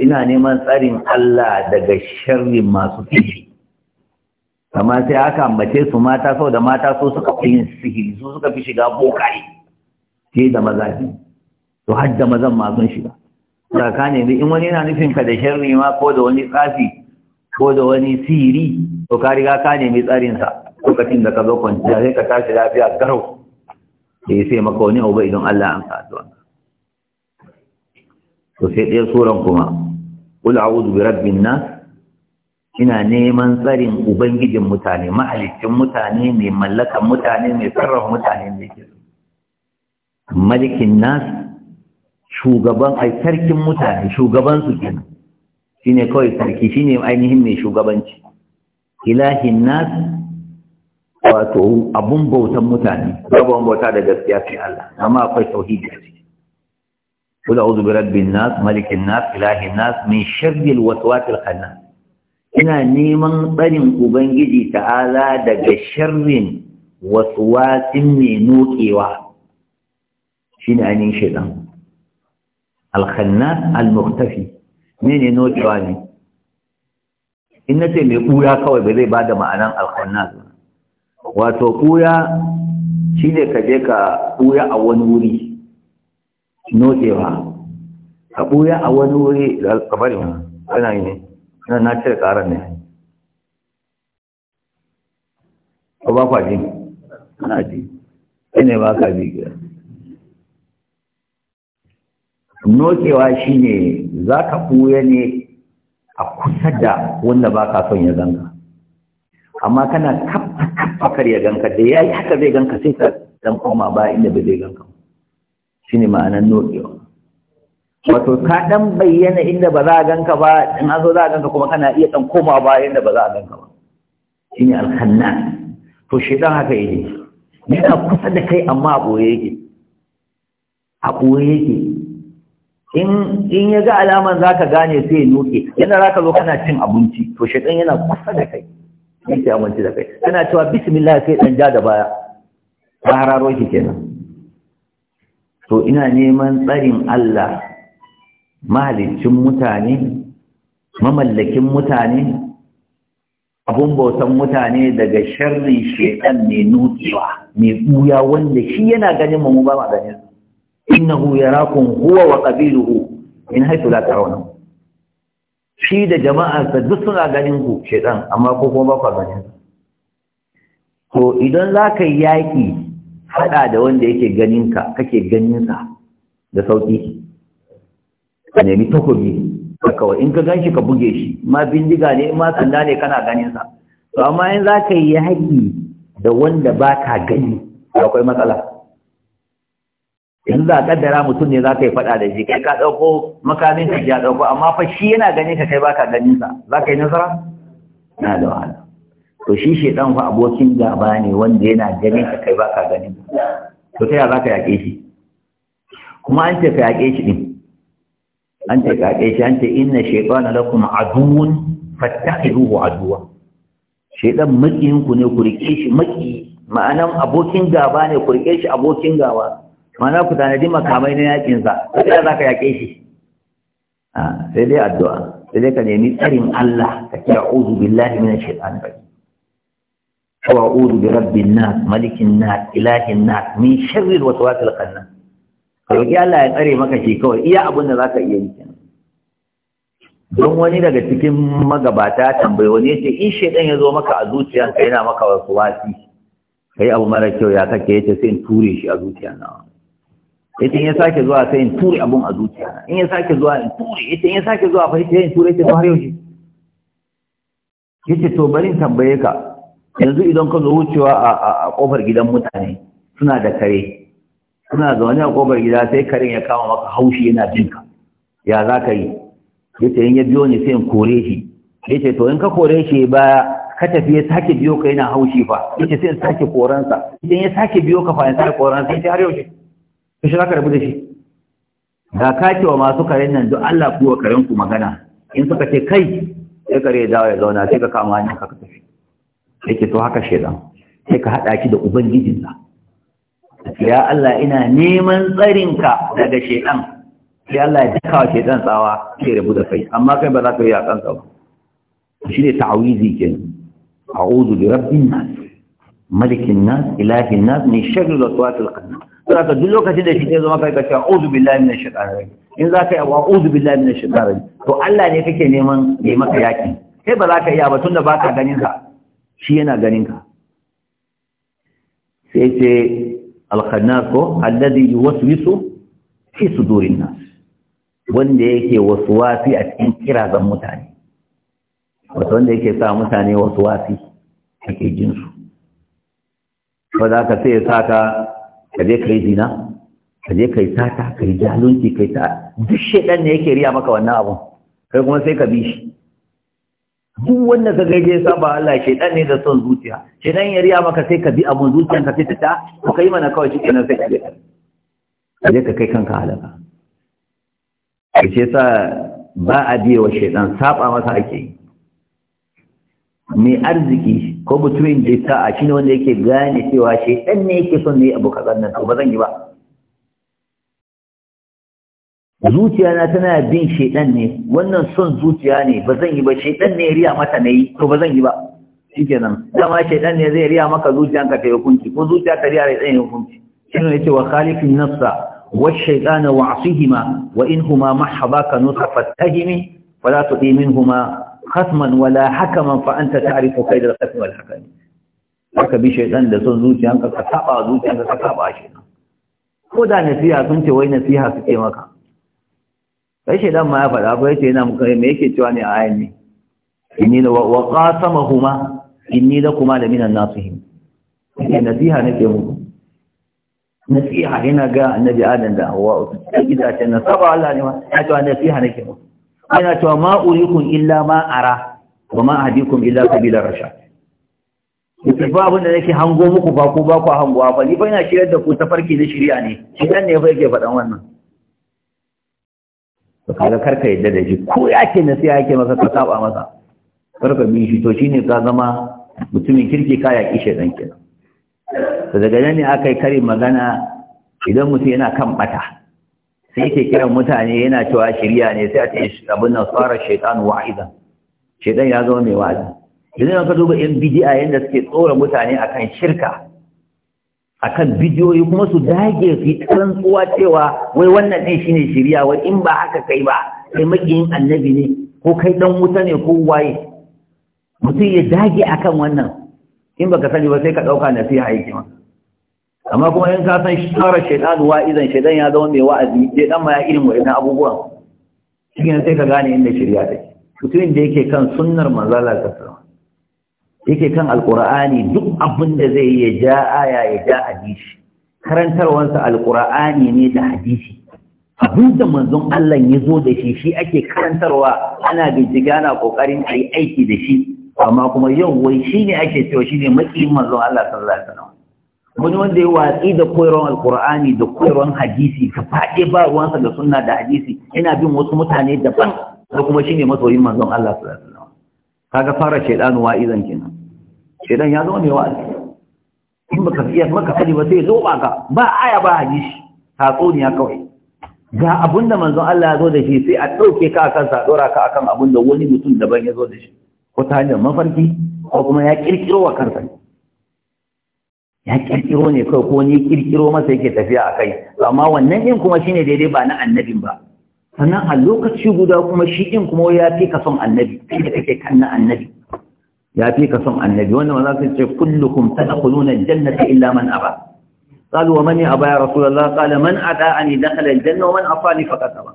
ina neman tsarin Allah daga sharrin masu sihiri amma sai aka ambace su mata sau da mata so suka fi yin sihiri su suka fi shiga bokaye ke da maza fi to har da mazan ma sun shiga saka ne in wani yana nufin ka da sharri ma ko da wani tsafi ko da wani sihiri to ka riga ka nemi tsarinsa lokacin da ka zo kwanciya sai ka tashi lafiya garau da eh, ya sai maka wani abu idan Allah an kasuwa to sai ɗaya suran kuma قل أعوذ برب nas ina neman tsarin ubangijin mutane mahalicin mutane mai mallakan mutane mai sarrafa mutane da ke malikin nas shugaban ai sarkin mutane shugaban su kenan shine kawai sarki shine ainihin mai shugabanci ilahin nas wato abun bautan mutane Abun bauta da gaskiya sai Allah amma akwai tauhidi a ciki kula uzu bi rabbin nas malikin nas ilahin nas min sharri alwaswasil khannas ina neman tsarin ubangiji ta'ala daga sharrin wasu wasin mai nokewa shi ne ainihin shaidan alkhannas almuktafi ne ne nokewa ne in na ce mai ɓuya kawai ba zai ba da ma'anan alkhannas wato ɓuya shi ne ka je ka ɓuya a wani wuri nokewa ka ɓuya a wani wuri da alkabarin ana yi ne na na cire ne ko ba kwa ji ji ne ba ka bi gida nokewa shine za ka ɓuya ne a kusa da wanda ba ka son ya ganka amma kana kafa kafa kar ya ganka da ya yi haka zai ganka sai ka dan koma ba inda ba zai ganka shi ne ma'anar nokewa wato ka dan bayyana inda ba za a ganka ba in an zo za a ganka kuma kana iya dan koma ba inda ba za a ganka ba ne alkhannan to shedan haka ne yana kusa da kai amma a ɓoye yake a ɓoye yake in in ya ga alaman za ka gane sai ya noke yana ka zo kana cin abinci to dan yana kusa da kai yake amince da kai yana cewa bismillah sai dan ja da baya ba hararo shi kenan to ina neman tsarin Allah mahalicin mutane mamallakin mutane abun bautan mutane daga sharrin shekan mai nutsewa mai ɓuya wanda shi yana ganin mu ba ma ganin ya yarakum huwa wa qabiluhu in haythu la tarawna shi da jama'arsa duk suna ganin ku shekan amma ko kuma ba ku ganin Ko idan za ka yi yaƙi faɗa da wanda yake ganinka kake ganinsa da sauƙi ka nemi takobi kawai in ka gan shi ka buge shi ma bindiga ne ma sanda ne kana ganin sa to amma in za ka yi haƙi da wanda ba ka gani akwai matsala yanzu za a kaddara mutum ne za ka yi faɗa da shi kai ka ɗauko makamin ka ya ɗauko amma fa shi yana ganin ka kai ba ka ganin sa za ka yi nasara na da wahala to shi ɗan fa abokin gaba ne wanda yana ganin ka kai ba ka ganin to ta yaya za ka yaƙe shi kuma an ce ka yaƙe shi ɗin an ce kage shi an ce inna na lakum aduwwun fattakhiruhu aduwa shaiɗan makiyinku ku ne ku rike shi maki ma'anan abokin gaba ne ku rike shi abokin gaba ma'ana ku tanadi makamai na yakin sa sai da ka yake shi ah, sai dai addu'a sai dai ka nemi tsarin Allah ka kira uzu billahi minash shaitanir rajim wa a'udhu bi rabbin nas malikin nas ilahin nas min sharri alwaswasil khannas a roƙi Allah ya tsare maka shi kawai iya abin da za ka iya yi don wani daga cikin magabata ya tambayi wani yace in shaidan ya zo maka a zuciyanka yana maka wasu wasi kai abu mara kyau ya kake yace sai in ture shi a zuciya na yace in ya sake zuwa sai in ture abun a zuciya na in ya sake zuwa in ture yace in ya sake zuwa fa yace in ture sai har yaushe yace to bari in tambaye ka yanzu idan ka zo wucewa a kofar gidan mutane suna da kare suna zaune a ƙofar gida sai karin ya kama maka haushi yana ka. ya za ka yi ya ce in ya biyo ni sai in kore shi ya ce to in ka kore shi ba ka tafi ya sake biyo ka yana haushi fa ya ce sai in sake koransa idan ya sake biyo ka fa in sake koransa ya ce har yaushe ka shi za ka rabu da shi da ka ce wa masu karen nan don Allah kuwa karen ku magana in suka ce kai sai kare ya dawo ya zauna sai ka kama hanyar ka tafi ya ce to haka shaidan sai ka haɗa shi da ubangijinsa ya Allah ina neman tsarinka daga shekan Ya Allah ya daka shekan tsawa ke rabu da kai amma kai ba za ka yi a kan ba shi ne ta'awizi ke ozu da rabbin nas malikin nas ilahin nas min sharri waswasil khannas za ka duk lokacin da shi ne zama kai ka ce ozu billahi minash shaitanir rajim in za ka yi ozu billahi minash shekarar rajim to Allah ne kake neman ya maka yaki kai ba za ka iya ba tunda da ganin ka shi yana ganin ka sai alkhannas alladhi yuwaswisu fi sudurin nas wanda yake waswasi a cikin kirazan mutane wato wanda yake sa mutane waswasi a jin su ko za ka sai ya sa ka ka je kai zina ka je kai sata kai jalunci kai ta duk da ne yake riya maka wannan abun kai kuma sai ka bi shi duk wanda ka sa saba Allah dan ne da son zuciya shedan ya riya maka sai ka bi abun zuciya ka fita ta ko kai mana kawai shi kenan sai ka je ka je ka kai kanka halaka kace sa ba a biye wa shedan saba masa ake yi mai arziki ko mutumin da ya shi shine wanda yake gane cewa shedan ne yake son ne abu kazan nan to ba zan yi ba zuciya na tana bin shaidan ne wannan son zuciya ne ba zan yi ba shaidan ne ya riya mata na yi, to ba zan yi ba shikenan dama shaidan ne zai riya maka zuciyanka ta hukunci ko zuciya ta riya zai tsayin hukunci shi ne ce wa khalifin nafsa wa shaytana wa asihima wa in huma mahabaka za su fala min huma, khasman wala hakaman fa anta ta'rifu kayd al-khasm wal hakam haka bi shaidan da son zuciyanka ka saba zuciyanka ka saba shi ko da nasiha sun ce wai nasiha suke maka sai shi dan ma ya faɗa ba yace yana muka me yake cewa ne a ayan ne inni wa wa qasamahuma inni lakuma la minan nasihin ne nasiha nake muku nasiha ina ga annabi adam da hawa ita ce na saba Allah ne ma ya cewa nasiha nake muku ina cewa ma urikum illa ma ara wa ma ahdikum illa sabila rashad Ita ba abin da nake hango muku ba ko ba ku hangowa ba ni ba ina shiryar da ku ta farki na shirya ne shi ne ba yake faɗan wannan ka kaga karka yadda da shi ko ya ke na nasiha ke masa ka saba masa karka bi shi to shine ka zama mutumin kirki ka ya kishe dan kina to daga nan ne aka yi karin magana idan mutum yana kan bata sai yake kiran mutane yana cewa shirya ne sai a ce abin nan tsara shaitan wa'iza shaitan ya zama mai wa'azi idan ka duba yan bidi'a yanda suke tsora mutane akan shirka akan bidiyoyi kuma su dage su tsuwa cewa wai wannan ɗin shine shirya wai in ba haka kai ba kai makiyin annabi ne ko kai dan wuta ne ko waye mutum ya dage akan wannan in baka sani ba sai ka ɗauka nasiha aiki ma amma kuma in ka san shara shaytan wa idan shaidan ya zama mai wa'azi sai dan ma ya irin idan abubuwan shi ne sai ka gane inda shirya take mutumin da yake kan sunnar manzala ta alaihi yake kan alƙur'ani duk abin da zai ya ja aya ya ja hadisi karantarwansa alƙur'ani ne da hadisi abin da manzon Allah ya zo da shi shi ake karantarwa ana bincike ana ƙoƙarin a yi aiki da shi amma kuma yau wai shi ne ake cewa shi ne manzon Allah sallallahu alaihi wasallam wani wanda ya watsi da koyarwar alkur'ani da koyarwar hadisi ka faɗe ba ruwansa da sunna da hadisi yana bin wasu mutane daban da kuma shine masoyin manzon Allah sallallahu alaihi wasallam kaga fara shaydanu wa'izan kenan shedan ya zama mai wa'azi in baka iya maka sani ba sai zo ba ka ba aya ba hadisi tatsuniya kawai ga abin da manzon Allah ya zo da shi sai a ɗauke ka akan sa ɗora ka akan abin da wani mutum daban ya zo da shi ko ta hanyar mafarki ko kuma ya ƙirƙiro wa kansa ya ƙirƙiro ne kawai ko ni ƙirƙiro masa yake tafiya a kai amma wannan ɗin kuma shine daidai ba na annabin ba sannan a lokaci guda kuma shi ɗin kuma ya fi ka son annabi kai da kake kan na annabi ya fi ka son annabi wannan ma za su ce kullukum tadkhuluna aljannata illa man aba قالوا ومن أبى يا رسول الله قال من أداءني دخل الجنة ومن أفاني فقد أبى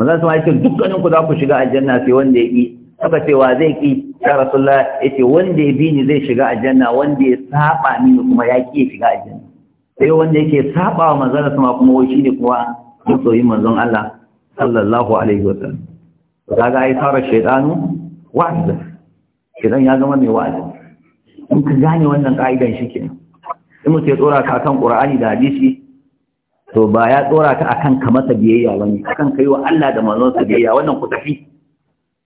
maza su ma'aikin dukkaninku za ku shiga aljanna sai wanda ya ƙi suka cewa zai ƙi ya rasulullah ya ce wanda ya bi ni zai shiga aljanna wanda ya saba mini kuma ya ƙi ya shiga aljanna sai wanda yake saba wa manzon sama kuma wai shine kuwa masoyin manzon Allah sallallahu alaihi wa sallam kaga ai fara shaytanu wahda kenan ya zama mai wa'azi in ka gane wannan ka'idan shi kenan in mutum ya tsora ka kan ƙura'ani da hadisi to ba ya tsora ka a ka masa biyayya kan ka kai wa Allah da sa biyayya wannan ku tafi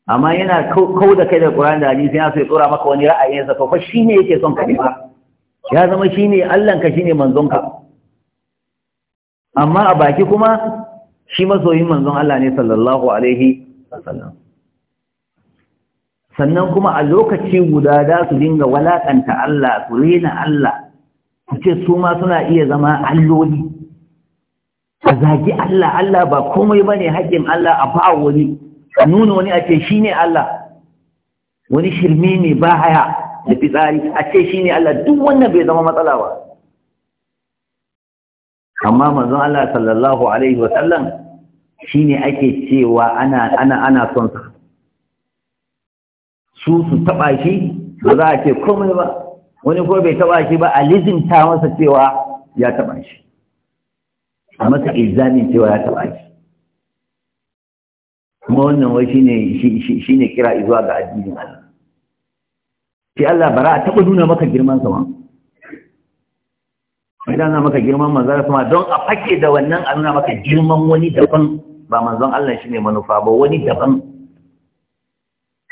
amma yana kau da kai da qur'ani da hadisi yana so ya tsora maka wani sa to fa ne yake son ka ba ya zama shi ne Allah ka manzon ka. amma a baki kuma shi masoyin manzon Allah ne sallallahu alaihi wasallam sannan kuma a lokaci guda da su dinga walakanta Allah su rena Allah su ce su ma suna iya zama alloli a zagi Allah Allah ba komai ba ne haƙƙin Allah a fa'a wani a nuna wani a ce shi ne Allah wani shirme ne ba haya da fitsari a ce shi ne Allah duk wannan bai zama matsala ba amma manzon Allah sallallahu alaihi wa sallam shine ake cewa ana ana son sa su su taɓa shi ba za a ce komai ba wani ko bai taɓa shi ba a lizinta masa cewa ya taɓa shi a masa izamin cewa ya taɓa shi kuma wannan wai shi ne kira izuwa ga addinin Allah shi Allah bara a taɓa nuna maka girman sama idan na maka girman manzara sama don a fake da wannan a nuna maka girman wani daban ba manzon Allah shi ne manufa ba wani daban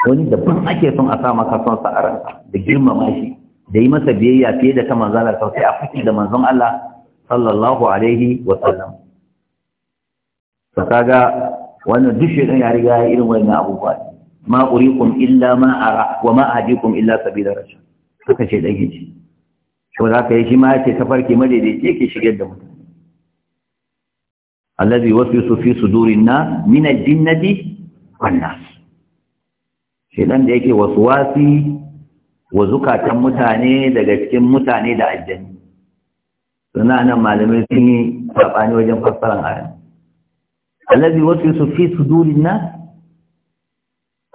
wani daban ake son a sa maka son sa a ranka da girmama shi da yi masa biyayya fiye da ta manzon Allah sai a fiki da manzon Allah sallallahu alaihi wa sallam to kaga wannan duk shedan ya riga ya irin wannan abubuwa ma urikum illa ma ara wa ma ahdikum illa sabila rashad suka ce dage shi ko za ka yi shi ma ya ce tafarki madaidaici yake shigar da mutane alladhi waswisu fi sudurin na, min al-jinnati wan nas shedan da yake wasuwasi wa zukatan mutane daga cikin mutane da aljani suna nan malamai sun yi sabani wajen fassaran ayan allazi wasu fi su sudurin na?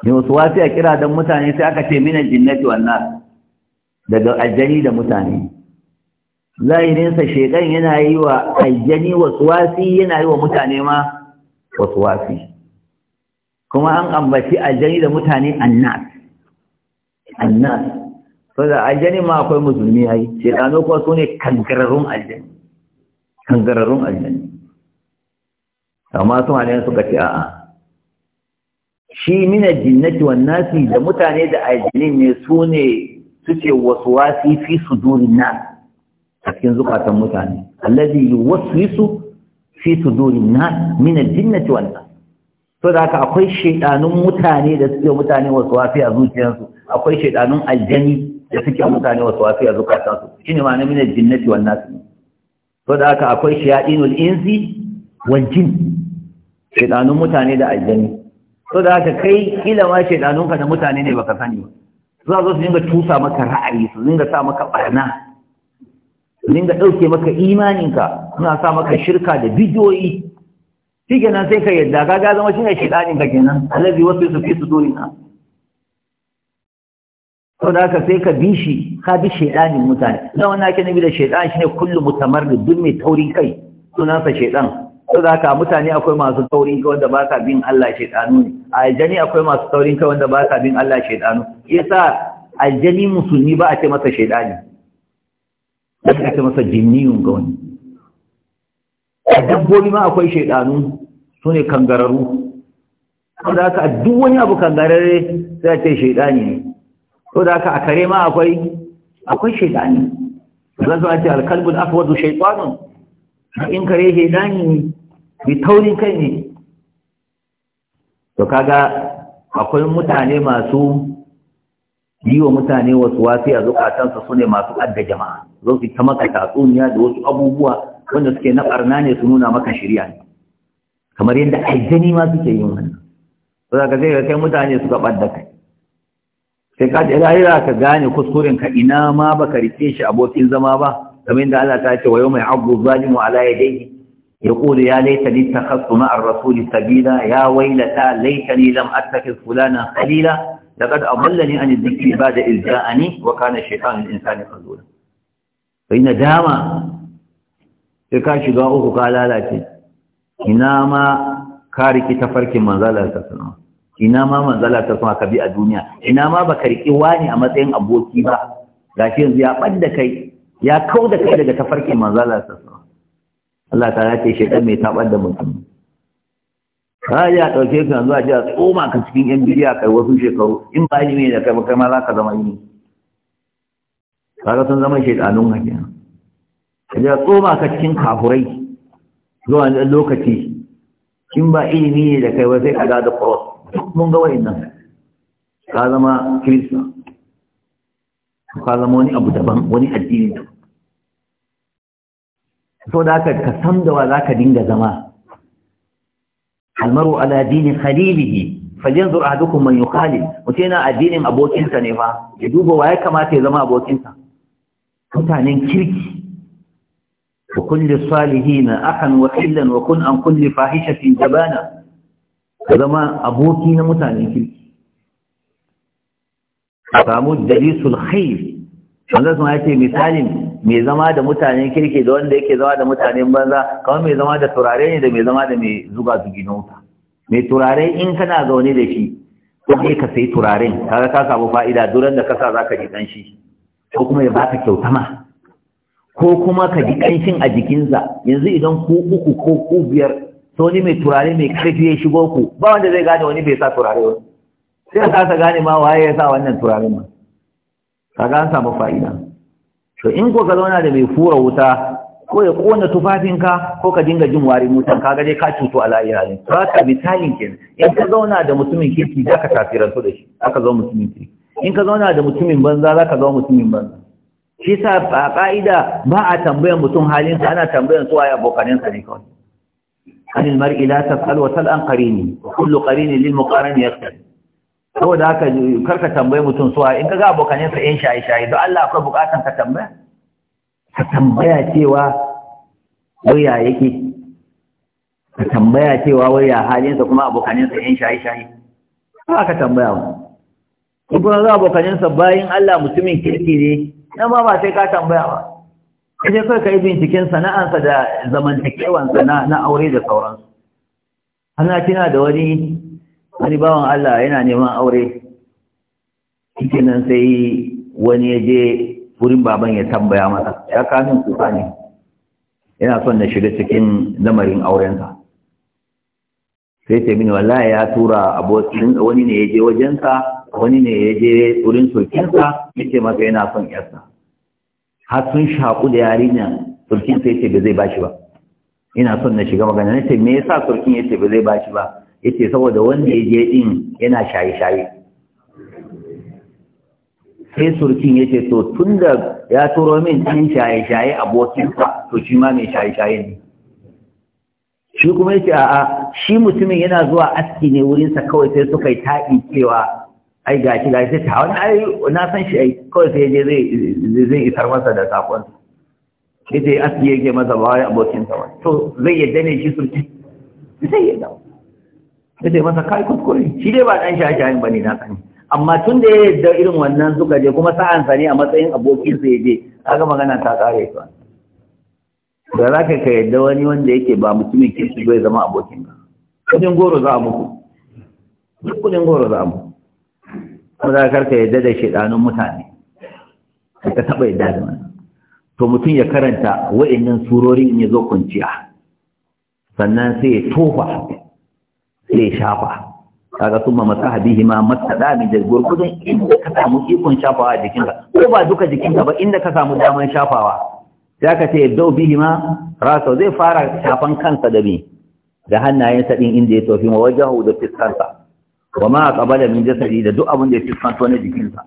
ne wasu a kira don mutane sai aka ce minan jinnati wannan daga aljani da mutane zahirinsa shekan yana yi wa aljani wasu wasi yana yi wa mutane ma wasu wasi kuma an ambaci aljani da mutane annas annas so da aljani ma akwai musulmi ai shedano kuwa su ne kangararrun aljani kangararrun aljani amma su halayen suka ce a'a shi mina jinnati wan nasi da mutane da aljani ne su ne wasu wasi fi su sudurin nas a cikin zukatan mutane allazi su fi sudurin nas mina jinnati wan nas so da haka akwai shaidanun mutane da suke mutane wasu wafi a zuciyarsu akwai shaidanun aljani da suke mutane wasu wafi a zukatansu shi ma na minar jinnati wannan su so da haka akwai shaidanun insi wajin shaidanun mutane da aljani so da haka kai kila ma ka da mutane ne baka sani ba za zo su dinga tusa maka ra'ayi su dinga sa maka barna su dinga ɗauke maka imaninka suna sa maka shirka da bidiyoyi shi kenan sai ka yadda ka ga zama ne shedanin ka kenan allazi wasu su fi sudurin na sau da aka sai ka bi shi ka bi shedanin mutane na wani ake nabi da ne kullum mutamar da duk mai taurin kai sunansa shedan Sau da aka mutane akwai masu taurin kai wanda ba ka bin Allah shedanu ne a aljani akwai masu taurin kai wanda ba ka bin Allah Ya yasa aljani musulmi ba a ce masa shedani ba a ce masa jinniyun ga wani a dabbobi ma akwai shaidanu su ne kangararru da aka duk wani abu kangararre sai ce shaidani ne ko da aka a kare ma akwai akwai shaidani zan zuwa ce alkalbul afwadu shaitanun in kare shaidani ne bi taurin kai ne to kaga akwai mutane masu yi wa mutane wasu zo a zukatansa su ne masu adda jama'a zo su ta makata tatsuniya da wasu abubuwa wanda suke na ɓarna ne su nuna maka shirya ne kamar yadda aizani ma suke yin wannan ba za ka zai kai mutane su gaɓar kai sai ka ji ra'ayi gane kuskuren ka ina ma baka ka rike shi abokin zama ba kamar da Allah ta ce wa mai abu zalimu ala ya dai ya kudu ya laita ni ta kasu ma'ar rasuli sabila ya wailata laita ni lam attakin fulana kalila laqad a an zikri ba da ilza'ani wa kana shaitan al insani qadura Sai inna dama sai ka shiga uku ka lalace ina ma ka riki tafarkin manzala ta sanawa ina ma manzala ta sanawa ka bi a duniya ina ma baka riki wani a matsayin aboki ba Ga shi yanzu ya ɓadda kai ya kau da kai daga tafarkin manzala ta sanawa Allah ta ce ɗan mai taɓar da mutum ka ya ɗauke ka yanzu a ji a tsoma ka cikin yan biliya kai wasu shekaru in ba ni ne da kai ba kai ma za ka zama yi ga sun zama shaidanun hakiya da tsoma ka cikin kafurai zuwa ɗan lokaci in ba ilimi ne da kai wai sai ka da cross duk mun ga wayannan. ka zama kirista ka zama wani abu daban wani addini daban so da haka ka san da wa za ka dinga zama almaru ala dini khalilihi falyanzur ahadukum man yukhalil mutum yana addinin abokinsa ne fa ya duba wa ya kamata ya zama abokinsa mutanen kirki وكن للصالحين أخا وحلا وكن عن كل فاحشة جبانا كما أبوكي نمتاني كلك samu dalisul khair wanda sun yace misalin mai zama da mutanen kirki da wanda yake zama da mutanen banza Kawai mai zama da turare ne da mai zama da mai zuga zugi na wuta mai turare in kana zaune da shi ko kai ka sayi turaren kaga ka samu fa'ida duran da kasa zaka ji dan shi ko kuma ya baka kyauta ma ko kuma ka ji ƙanshin a jikinsa yanzu idan ku uku ko ku biyar ta wani mai turare mai ƙarfi ya shigo ku ba wanda zai gane wani bai sa turare wani sai ka sa gane ma waye ya sa wannan turare ma ka ga an samu fa'ida to in ko ka zauna da mai fura wuta ko ya kona tufafinka ko ka dinga jin warin wutan ka dai ka cutu a lahira ne ba ka misalin ke in ka zauna da mutumin kirki za ka tafirantu da shi za ka zama mutumin kirki in ka zauna da mutumin banza za ka zama mutumin banza shi sa a ƙa'ida ba a tambayan mutum halinsa ana tambayan su waye abokaninsa ne kawai anil mar'i la tasal wa sal an qarini wa kullu qarini lil muqarin yaqtar saboda haka karka tambaye mutum su waye in kaga abokanansa yan shaye shaye don Allah akwai bukatan ka tambaya ka tambaya cewa waya yake ka tambaya cewa waya halinsa kuma abokanansa yan shaye shaye ba ka tambaya ba kuma za abokaninsa bayan Allah mutumin kirki ne nan ma ba sai ka tambaya ba kaje kai kai binciken sana'ansa da zamantakewansa na na aure da sauransu ana tana da wani wani bawan Allah yana neman aure cikin nan sai wani ya je wurin baban ya tambaya masa ya kamin kuka ne yana son na shiga cikin lamarin aurensa sai ce mini wallahi ya tura abokin wani ne ya je wajensa wani ne ya je wurin sokinsa ya ce masa yana son yarsa har sun shaƙu da yarinya surkin sai ce ba zai ba shi ba ina son na shiga magana na ce me yasa surkin ya ce ba zai ba shi ba ya ce saboda wanda ya je ɗin yana shaye-shaye sai surkin ya ce to tun ya turo min ɗin shaye-shaye abokinsa to shi ma mai shaye-shaye ne shi kuma ya ce a'a shi mutumin yana zuwa aski ne wurinsa kawai sai suka yi taɗi cewa ai ga shi ga shi ta wani ai na san shi ai kawai sai je zai zai isar masa da sakon sai dai asiye yake masa ba wai abokin sa to zai yadda ne shi sulki ya yadda sai dai masa kai kuskure shi dai ba dan shi ake bane na sani amma tun da ya yadda irin wannan suka je kuma sa'an sa ne a matsayin abokin sa ya je kaga magana ta kare shi da za ka ka yadda wani wanda yake ba mutumin kirki zai zama abokin ka kudin goro za a muku kudin goro za a muku ko za ka yadda da shaidanun mutane ka taɓa yadda da wannan to mutum ya karanta wa'annan surori in ya zo kwanciya sannan sai ya tofa sai ya shafa kaga sun ma masa habihi ma masa dami da gurgudun inda ka samu ikon shafawa a jikinka ko ba duka jikinka ba inda ka samu daman shafawa ya ka ce dau bihi ma rasa zai fara shafan kansa da me da hannayensa din inda ya tofi ma wajahu da fiskansa wa ma qabala min jasadi da duk abin da ya siffanto na jikinsa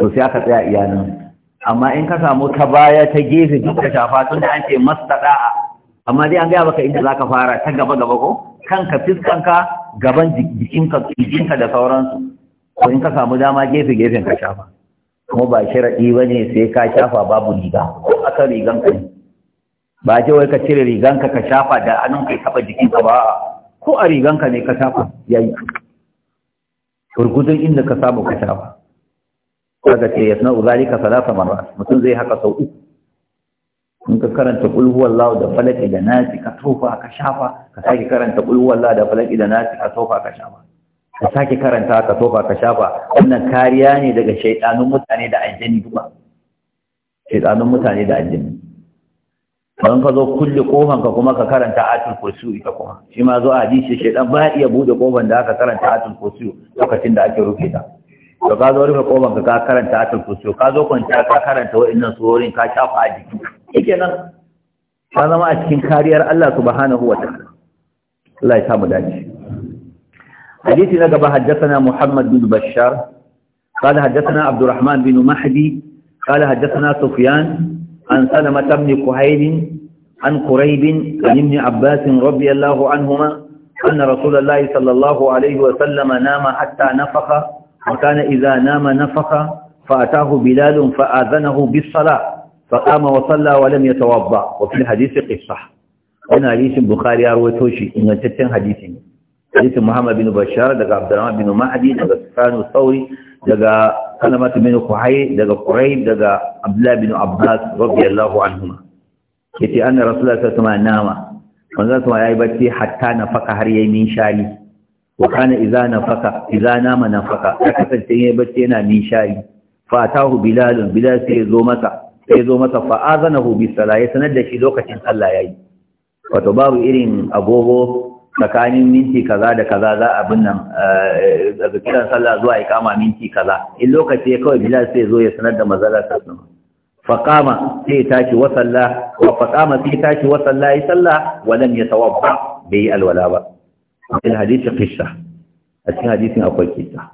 to sai aka tsaya iyalan amma in ka samu ta baya ta gefe duk da shafa tunda an ce mastada'a amma dai an gaya maka inda zaka fara ta gaba gaba ko kanka fiskanka gaban jikinka jikinka da sauransu ko in ka samu dama gefe gefen ka shafa kuma ba sharaɗi ba ne sai ka shafa babu riga ko akan rigan ka ne ba ce wai ka cire riganka ka shafa da anan kai taɓa jikinka ba ko a riganka ne ka shafa yi gurgudun inda ka samu ka shafa kaga ce yasna ka salasa marrat mutum zai haka sau uku in ka karanta ƙulhuwar lawa da falaki da nasi ka tofa ka shafa ka sake karanta ƙulhuwar lawa da falaki da nasi ka tofa ka shafa ka sake karanta ka tofa ka shafa wannan kariya ne daga shaidanun mutane da aljani duka shaidanun mutane da aljani don ka zo kulle kofan ka kuma ka karanta atul kursu ita kuma shi ma zo a hadisi shedan ba iya bude kofan da aka karanta atul kursu lokacin da ake rufe ta to ka zo rufe kofan ka ka karanta atul kursu ka zo kwanta ka karanta wa'annan surorin ka shafa a jiki nan ka zama a cikin kariyar Allah subhanahu wa ta'ala Allah ya samu dace hadisi na gaba haddathana Muhammad bin Bashar قال حدثنا عبد الرحمن بن مهدي قال حدثنا سفيان عن سلمة بن كهيل عن قريب عن ابن عباس رضي الله عنهما أن رسول الله صلى الله عليه وسلم نام حتى نفخ وكان إذا نام نفخ فأتاه بلال فآذنه بالصلاة فقام وصلى ولم يتوضأ وفي الحديث قصة هنا حديث البخاري أروتوشي إن تتن حديث حديث محمد بن بشار دقى عبد الرحمن بن مهدي دقى سفيان الثوري daga kalmat min kuhai daga kurai daga Abdullahi bin abbas radiyallahu anhuma yace anna rasulullah sallallahu alaihi wasallam nama manzo ya yayi bacci hatta nafaka har yayi nishari wa kana idza nafaka idza nama nafaka ya kasance yayi bacci yana nishari fa atahu bilal bilal sai zo masa sai zo masa fa azanahu bis salat sanar da shi lokacin sallah yayi wato babu irin agogo tsakanin minti kaza da kaza za a bin nan eh, daga kiran sallah zuwa ya kama minti kaza in lokaci ya kawai bilal sai zo ya sanar da mazalar sa sun sai sai tashi wa salla wa faƙama sai tashi wa salla ya sallah, wa lam yatawabba bai alwala ba al hadisi qissa a cikin hadisin akwai qissa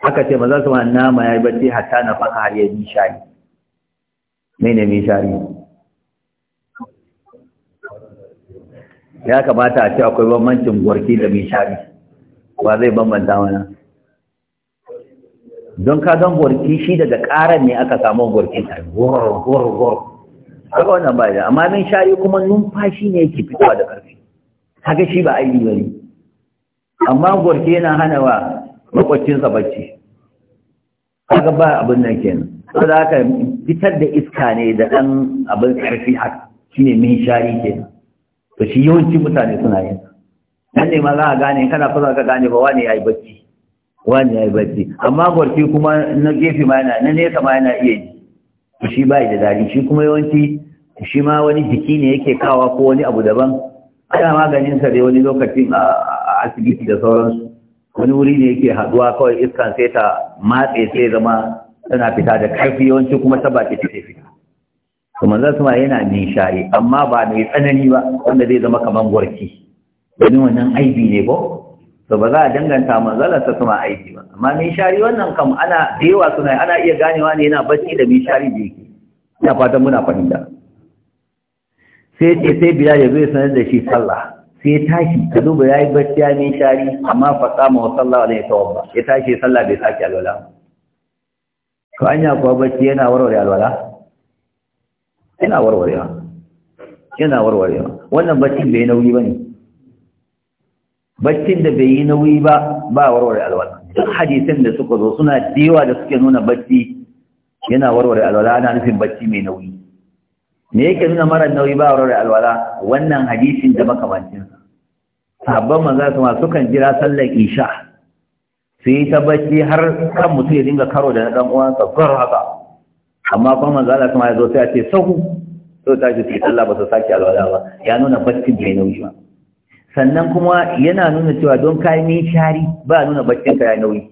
haka ce maza su ma nama yi bacci hatta na faka har ya bi mai ne mi shayi ya kamata a ce akwai bambancin gwarki da shari. ba zai bambanta wani don ka zan gwarki shi daga ƙarar ne aka samu gwarki ta gwar-gwar-gwar haka wannan ba amma min shari kuma numfashi ne yake fitowa da ƙarfi haka shi ba aiki bane amma gwarki yana hana wa makwacinsa bacci haka ba abin nan kenan saboda haka fitar da iska ne da ɗan abin ƙarfi haka ne min shari kenan to shi yawanci mutane suna yin nan ne ma za a gane kana fasa ka gane ba wani ya yi bacci wani ya yi bacci amma barci kuma na gefe ma yana na nesa ma yana iya ji shi ba da dadi shi kuma yawanci shi ma wani jiki ne yake kawa ko wani abu daban ana maganin sa dai wani lokacin a asibiti da sauransu wani wuri ne yake haduwa kawai iskan sai ta matse sai zama tana fita da karfi yawanci kuma ta baki ta fita to manzon sama yana shari, amma ba mai tsanani ba wanda zai zama kamar gwarki dani wannan aibi ne ko to ba za a danganta manzalar ta sama aibi ba amma nishari wannan kam ana da suna ana iya ganewa ne yana bacci da nishari da yake ina fatan muna fahimta sai ce sai bila ya zo ya sanar da shi sallah sai tashi ta duba ya yi bacci ya nishari amma fa sama wa sallah ne ta wabba ya tashi sallah bai sake alwala ko anya ko bacci yana warware alwala yana warwarewa yana warwarewa wannan baccin bai nauyi ba ne baccin da bai yi nauyi ba ba warware alwala duk hadisin da suka zo suna dewa da suke nuna bacci yana warware alwala ana nufin bacci mai nauyi me yake nuna mara nauyi ba warware alwala wannan hadisin da makamancinsa sahabban manzo su ma sukan jira sallar isha su yi ta bacci har kan mutum ya dinga karo da na dan uwansa gar haka amma kuma manzo Allah kuma ya zo sai a ce sahu to ta ce Allah ba su saki alwala ba ya nuna bacci bai nauyi ba sannan kuma yana nuna cewa don kayi mai shari ba nuna baccin ka ya nauyi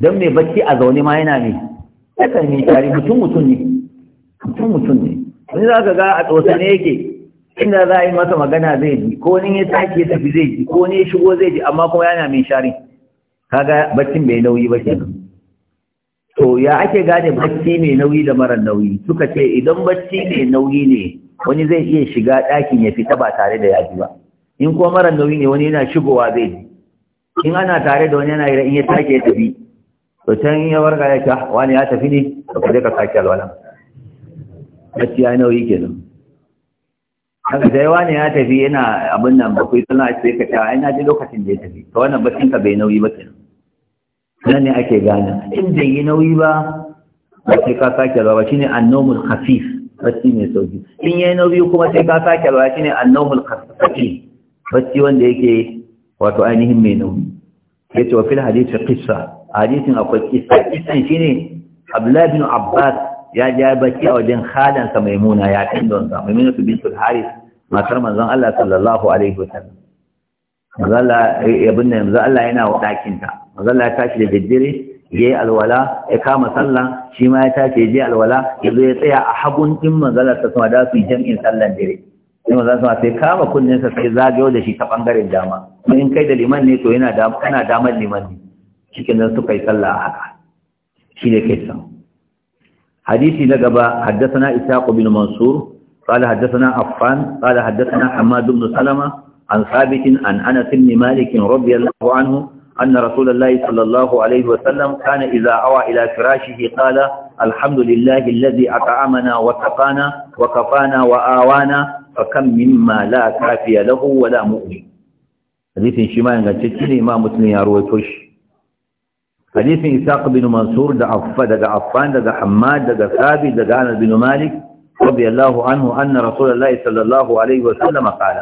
don mai bacci a zaune ma yana mai yakan mai shari mutum mutum ne mutum mutum ne wani za ka ga a ne yake inda za a yi masa magana zai ji ko wani ya sake ya tafi zai ji ko wani ya shigo zai ji amma kuma yana mai shari kaga baccin bai nauyi ba kenan to ya ake gane bacci mai nauyi da mara nauyi suka ce idan bacci mai nauyi ne wani zai iya shiga ɗakin ya fita ba tare da yaji ba in kuma mara nauyi ne wani yana shigowa zai ji in ana tare da wani yana yi in ya sake ya tafi to can ya warga ya ta ah, wani ya tafi ne da kuma ka sake alwala bacci ya nauyi kenan haka sai wani ya tafi yana abin nan bakwai suna sai ka ta ah, ina ji lokacin da ya tafi to wannan baccin ka bai nauyi ba kenan nan ne ake gane in bai yi nauyi ba ba sai ka sake rawa shine annomul khafif bacci mai sauki in yayi nauyi kuma sai ka sake rawa shine annomul khafif bacci wanda yake wato ainihin mai nauyi yace wa fil hadisi qissa hadisin akwai qissa qissan shine Abdullah bin Abbas ya ja bacci a wajen khalansa Maimuna ya kindonsa Maimuna bint al-Harith matar manzon Allah sallallahu alaihi wasallam manzon Allah ya eh, binne manzon Allah yana wa manzon ya tashi da daddare ya yi alwala ya kama sallah shi ma ya tashi ya je alwala ya zo ya tsaya a hagun din manzon ta sama da su jam'in sallan dare sai manzon sama sai kama kunnen sa sai zagayo da shi ta bangaren dama in kai da liman ne to yana da kana damar liman ne cikin nan suka yi sallah a haka shi ne kai san hadisi na gaba haddasana ishaq bin mansur قال حدثنا عفان قال حدثنا حماد بن سلمة عن ثابت عن أنس بن مالك رضي الله عنه أن رسول الله صلى الله عليه وسلم كان إذا أوى إلى فراشه قال الحمد لله الذي أطعمنا وسقانا وكفانا وآوانا فكم مما لا كافي له ولا مؤمن حديث شمال غتشني ما مسلم يا رويتوش حديث إساق بن منصور دعف عفان دعف حماد دعف ثابت دعف أنس بن مالك رضي الله عنه أن رسول الله صلى الله عليه وسلم قال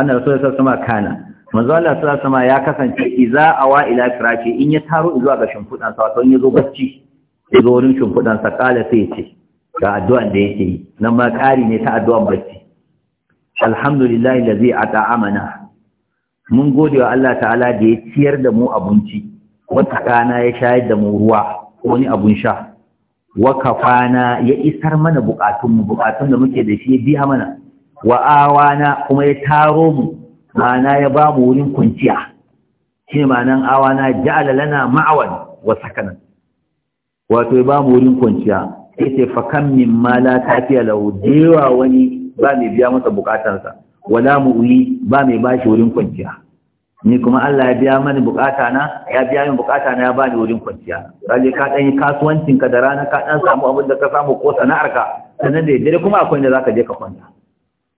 أن رسول الله صلى الله عليه وسلم كان manzo Allah sallallahu alaihi wasallam ya kasance iza awa ila firashi in ya taro zuwa ga shimfudan sa wato in zo bacci yazo wurin shimfudan sa kala sai ce ga addu'an da yake yi nan ma kari ne ta addu'an bacci alhamdulillahi allazi amana. mun gode wa Allah ta'ala da ya ciyar da mu abinci wata kana ya shayar da mu ruwa wani abun sha wa kafana ya isar mana bukatun mu bukatun da muke da shi ya biya mana wa awana kuma ya taro mu ma'ana ya ba mu wurin kwanciya shi ma'anan awana ja'ala lana ma'awan wa sakana wato ya ba mu wurin kwanciya sai ce fa kam min ma la tafiya lahu dewa wani ba mai biya masa bukatarsa wala uyi ba mai bashi wurin kwanciya ni kuma Allah ya biya mani bukata na ya biya min bukata na ya ba ni wurin kwanciya kaje ka dan yi kasuwancin ka da rana ka dan samu abin da ka samu ko sana'ar ka sannan da dare kuma akwai da zaka je ka kwanta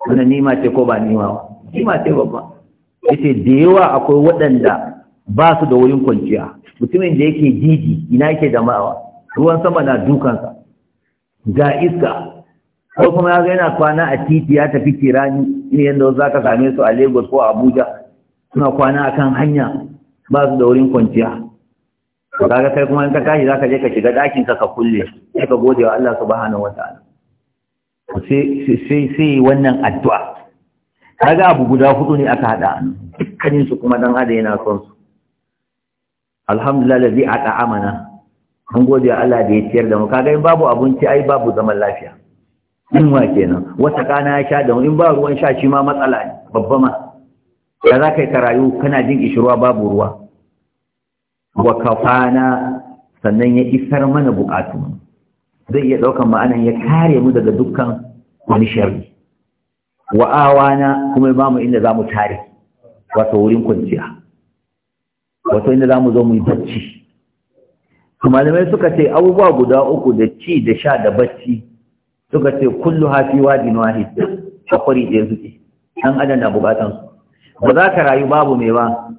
wannan nima ce ko ba nima ba kima ce babba yace da yawa akwai waɗanda ba su da wurin kwanciya mutumin da yake jiji ina yake jama'awa ruwan sama na dukansa ga iska ko kuma ya yana kwana a titi ya tafi kirani ne yadda za ka same su a lagos ko abuja suna kwana a kan hanya ba su da wurin kwanciya kaga kai kuma in ka tashi za ka je ka shiga ɗakin ka kulle sai ka gode wa Allah subhanahu wataala sai sai wannan addu'a kaga abu guda hudu ne aka hada a dukkanin su kuma dan hada yana son su alhamdulillah ladzi ata amana an gode Allah da ya ciyar da mu kaga in babu abinci ai babu zaman lafiya in wa kenan wata kana ya sha da mu in ba ruwan sha shi ma matsala ne babba ma da za ka yi karayu kana jin ishirwa babu ruwa wa kafana sannan ya isar mana bukatu zai iya daukan ma'anan ya kare mu daga dukkan wani sharri wa awana kuma ba mu inda za mu tare wato wurin kwanciya wato inda za mu zo mu yi bacci malamai suka ce abubuwa guda uku da ci da sha da bacci suka ce kullu hafi wajin wahid a kwari ɗaya suke ɗan adam na bukatan su ba za ka rayu babu mai ba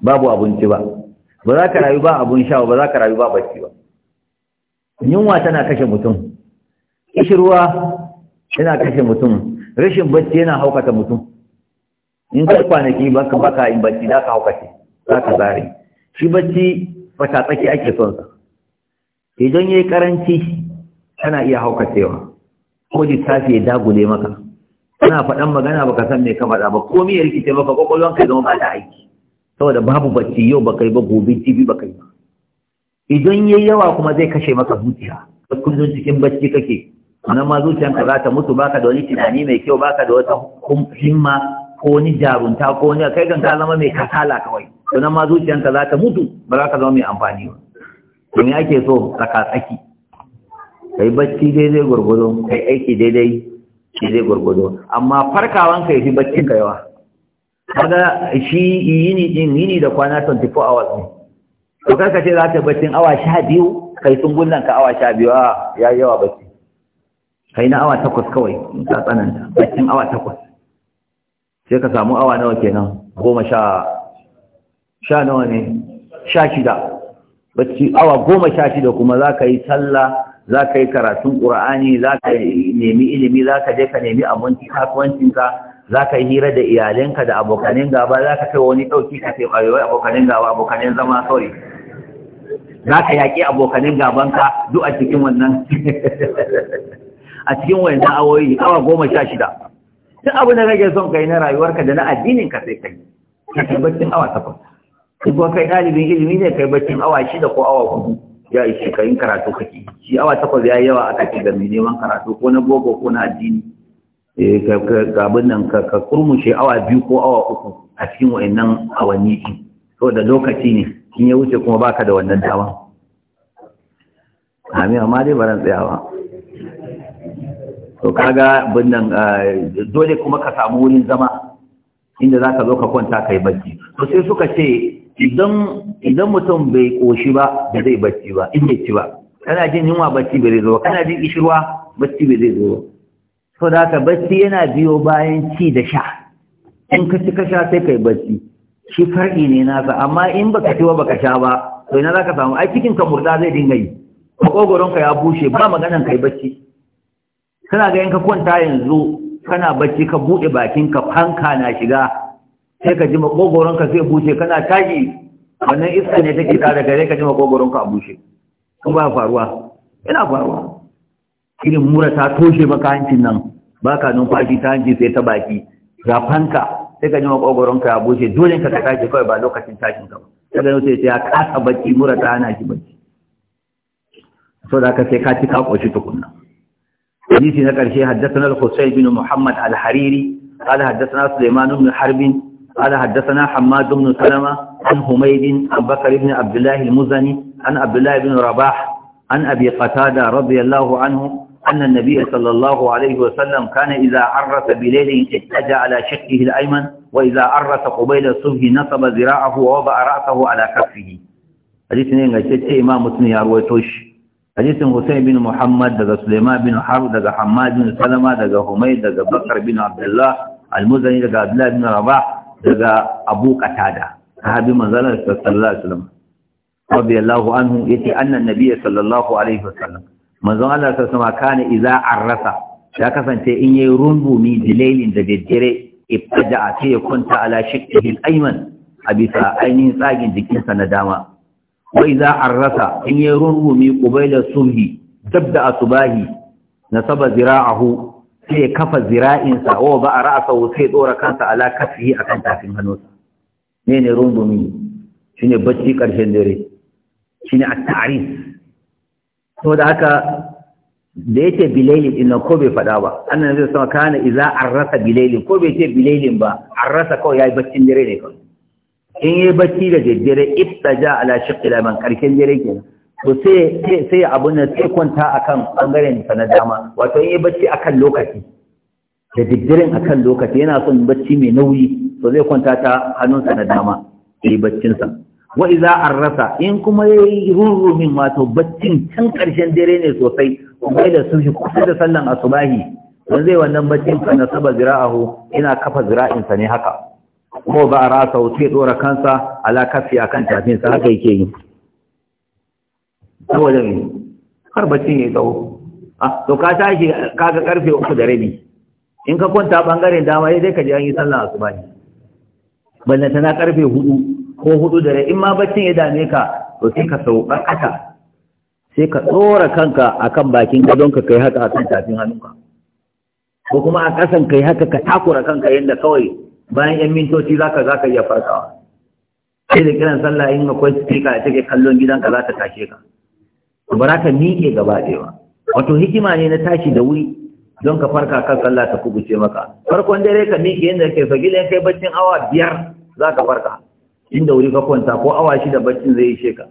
babu abinci ba ba za ka rayu ba abun sha ba za ka rayu ba bacci ba yunwa tana kashe mutum kishirwa tana kashe mutum rashin bacci yana haukata mutum in ka kwanaki baka baka in bacci za ka haukace za ka zare shi bacci fata tsaki ake son sa idan yayi karanci kana iya haukacewa ko lissafi ya dagule maka kana faɗan magana baka san me ka faɗa ba komai ya rikice maka kwakwalwan ka zama ba ta aiki saboda babu bacci yau ba kai ba gobe jibi ba kai ba idan yayi yawa kuma zai kashe maka zuciya kullum cikin bacci kake nan ma zuciyanka za ta mutu baka da wani tunani mai kyau baka da wata himma ko wani jarunta ko wani kai ganka zama mai kasala kawai to nan ma zuciyanka za ta mutu ba za ka zama mai amfani ba to me ake so tsaka tsaki kai bacci daidai gurgudo kai aiki daidai zai gurgudo amma farkawan kai fi baccin ka yawa kaga shi yini din yini da kwana 24 hours ne to ka ce za ka baccin awa 12 kai sun gullanka awa 12 ya yawa bacci kai na awa takwas kawai in ka tsananta bakin awa takwas sai ka samu awa nawa kenan goma sha sha nawa ne sha shida bacci awa goma sha shida kuma za ka yi sallah za ka yi karatun ƙura'ani za ka nemi ilimi za ka je ka nemi abinci kasuwancinka za ka yi hira da iyalinka da abokanin gaba za ka kai wani ɗauki ka sai ƙwayoyi abokanin gaba abokanin zama sauri za ka yaƙi abokanin gabanka duk a cikin wannan a cikin wayannan awoyi awa goma sha shida duk abu da kake son kai na rayuwarka da na addinin ka sai kai kai baccin awa takwas kuma kai ɗalibin ilimi ne kai baccin awa shida ko awa hudu ya ishe ka yin karatu kake shi awa takwas ya yi yawa a kake da mai neman karatu ko na boko ko na addini ga eh, abin nan ka kurmushe awa biyu ko awa uku a cikin wayannan awanni so da lokaci ne in ya wuce kuma baka da wannan dama amin amma dai baran tsayawa to kaga binnan eh, dole kuma ka samu wurin zama inda za ka zo ka kwanta ka yi bacci to sai suka ce idan mutum bai ƙoshi ba da zai bacci ba in bai ci ba kana jin yunwa bacci bai zo kana jin ishirwa bacci bai zai zo so da haka bacci yana biyo bayan ci da sha in ka ci ka sha sai ka bacci shi far'i ne nasa amma in baka ci ba baka sha ba to ina za ka samu ai cikin ka murda zai dinga yi ka ya bushe ba maganan kai bacci kana ga yanka kwanta yanzu kana bacci ka buɗe bakinka fanka na shiga sai ka ji makogoronka sai bushe kana tashi wannan iska ne take tare gare ka ji makogoronka a bushe kuma ba faruwa Ina faruwa irin mura ta toshe maka hancin nan baka numfashi ta hanci sai ta baki ga fanka sai ka ji makogoronka ya bushe dole ka tashi kawai ba lokacin tashin ka ba daga yau sai ya kasa bacci mura ta hana shi bacci saboda haka sai ka ci ka koshi tukunna حديث نكر حدثنا الحسين بن محمد الحريري قال حدثنا سليمان بن حرب قال حدثنا حماد بن سلمة عن حميد عن بكر بن عبد الله المزني عن عبد الله بن رباح عن أبي قتادة رضي الله عنه أن النبي صلى الله عليه وسلم كان إذا عرس بليل اتجى على شقه الأيمن وإذا عرس قبيل الصبح نصب ذراعه ووضع رأسه على كفه حديث نين غشيت إمام مسلم يروي توش hadisin Hussein bin Muhammad daga Suleiman bin Harb daga Hammad bin Salama daga Humayd daga Bakar bin Abdullah Al-Muzani daga Abdullah bin Rabah daga Abu Qatada sahabi manzalar sallallahu alaihi wasallam radiyallahu anhu yace annan nabiy sallallahu alaihi wasallam manzon Allah sallallahu alaihi wasallam kana idza ya kasance in yi rumbumi dilailin da daddare ibtada sai ya kunta ala shikkihi al-ayman a bisa ainihin tsagin jikinsa na dama wai za a rasa in yi rurrumi ƙubailar subhi dab da asubahi na saba zira'ahu sai ya kafa zira'insa wa ba a ra'asa sai ɗora kansa ala kafihi a kan tafin hannunsa ne ne rurrumi shi ne bacci ƙarshen dare shi ne a tarif da haka da yake bilailin din ko bai faɗa ba annan zai sama kana iza an rasa bilailin ko bai ce bilailin ba an rasa kawai ya yi baccin dare ne kawai in yi bacci da daddare ibtaja ala shiqqi laman karshen dare kenan to sai sai abun sai kwanta kan ɓangaren sa na dama wato in yi bacci a kan lokaci da a kan lokaci yana son bacci mai nauyi to zai kwanta ta hannunsa na dama yi baccinsa sa wa idza arrasa in kuma yayi rurumin wato baccin can karshen dare ne sosai kuma da subhi kusa da sallan asubahi dan zai wannan baccin fa saba zira'ahu ina kafa zira'insa ne haka ko ba a rasa wuce dora kansa ala kafi akan tafinsa haka yake yi saboda ne har bacci ne tsawo a ah, to ka tashi kaga karfe uku da rabi in ka kwanta bangaren dama sai ka ji an yi sallah su bani balle tana karfe hudu ko hudu da rabi in ma bacci ya dame ka to sai ka sau ƙarƙata sai ka tsora kanka akan bakin gadon ka kai haka akan tafin hannunka ko kuma a kasan kai haka ka takura kanka yadda kawai bayan yan mintoci zaka zaka iya farkawa sai da kiran sallah in akwai sifika da take kallon gidanka za ta tashe ka ba za ka miƙe gaba ɗaya ba wato hikima ne na tashi da wuri don ka farka kan sallah ta kubuce maka farkon dare ka miƙe yadda ke fa gidan kai baccin awa biyar za ka farka inda wuri ka kwanta ko awa shida baccin zai ishe ka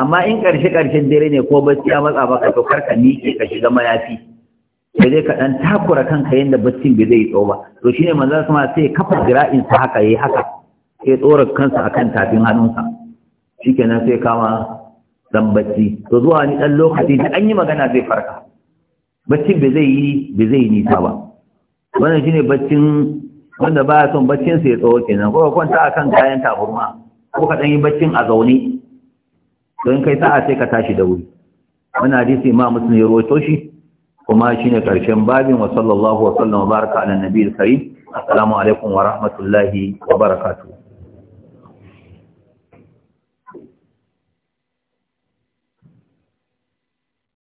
amma in ƙarshe ƙarshen dare ne ko bacci ya matsa maka to kar ka miƙe ka shiga mayafi ya je ka dan takura kanka yadda baccin bai zai tsawo ba to shine manzan kuma sai kafa gira'insa sa haka yi haka sai tsora kansa akan tafin hannunsa kenan sai kama dan bacci to zuwa ni dan lokaci da an yi magana zai farka baccin bai zai yi bai zai nisa ba wannan ne baccin wanda ba son baccin sai tsoro kenan ko kwanta kan kayan taburma ko ka dan yi baccin a zaune don kai sa'a sai ka tashi da wuri wannan hadisi ma muslim ya rawaito shi kuma ne karshen babin wa sallallahu wa sallama baraka ala nabiyil karim assalamu alaikum wa rahmatullahi wa barakatu.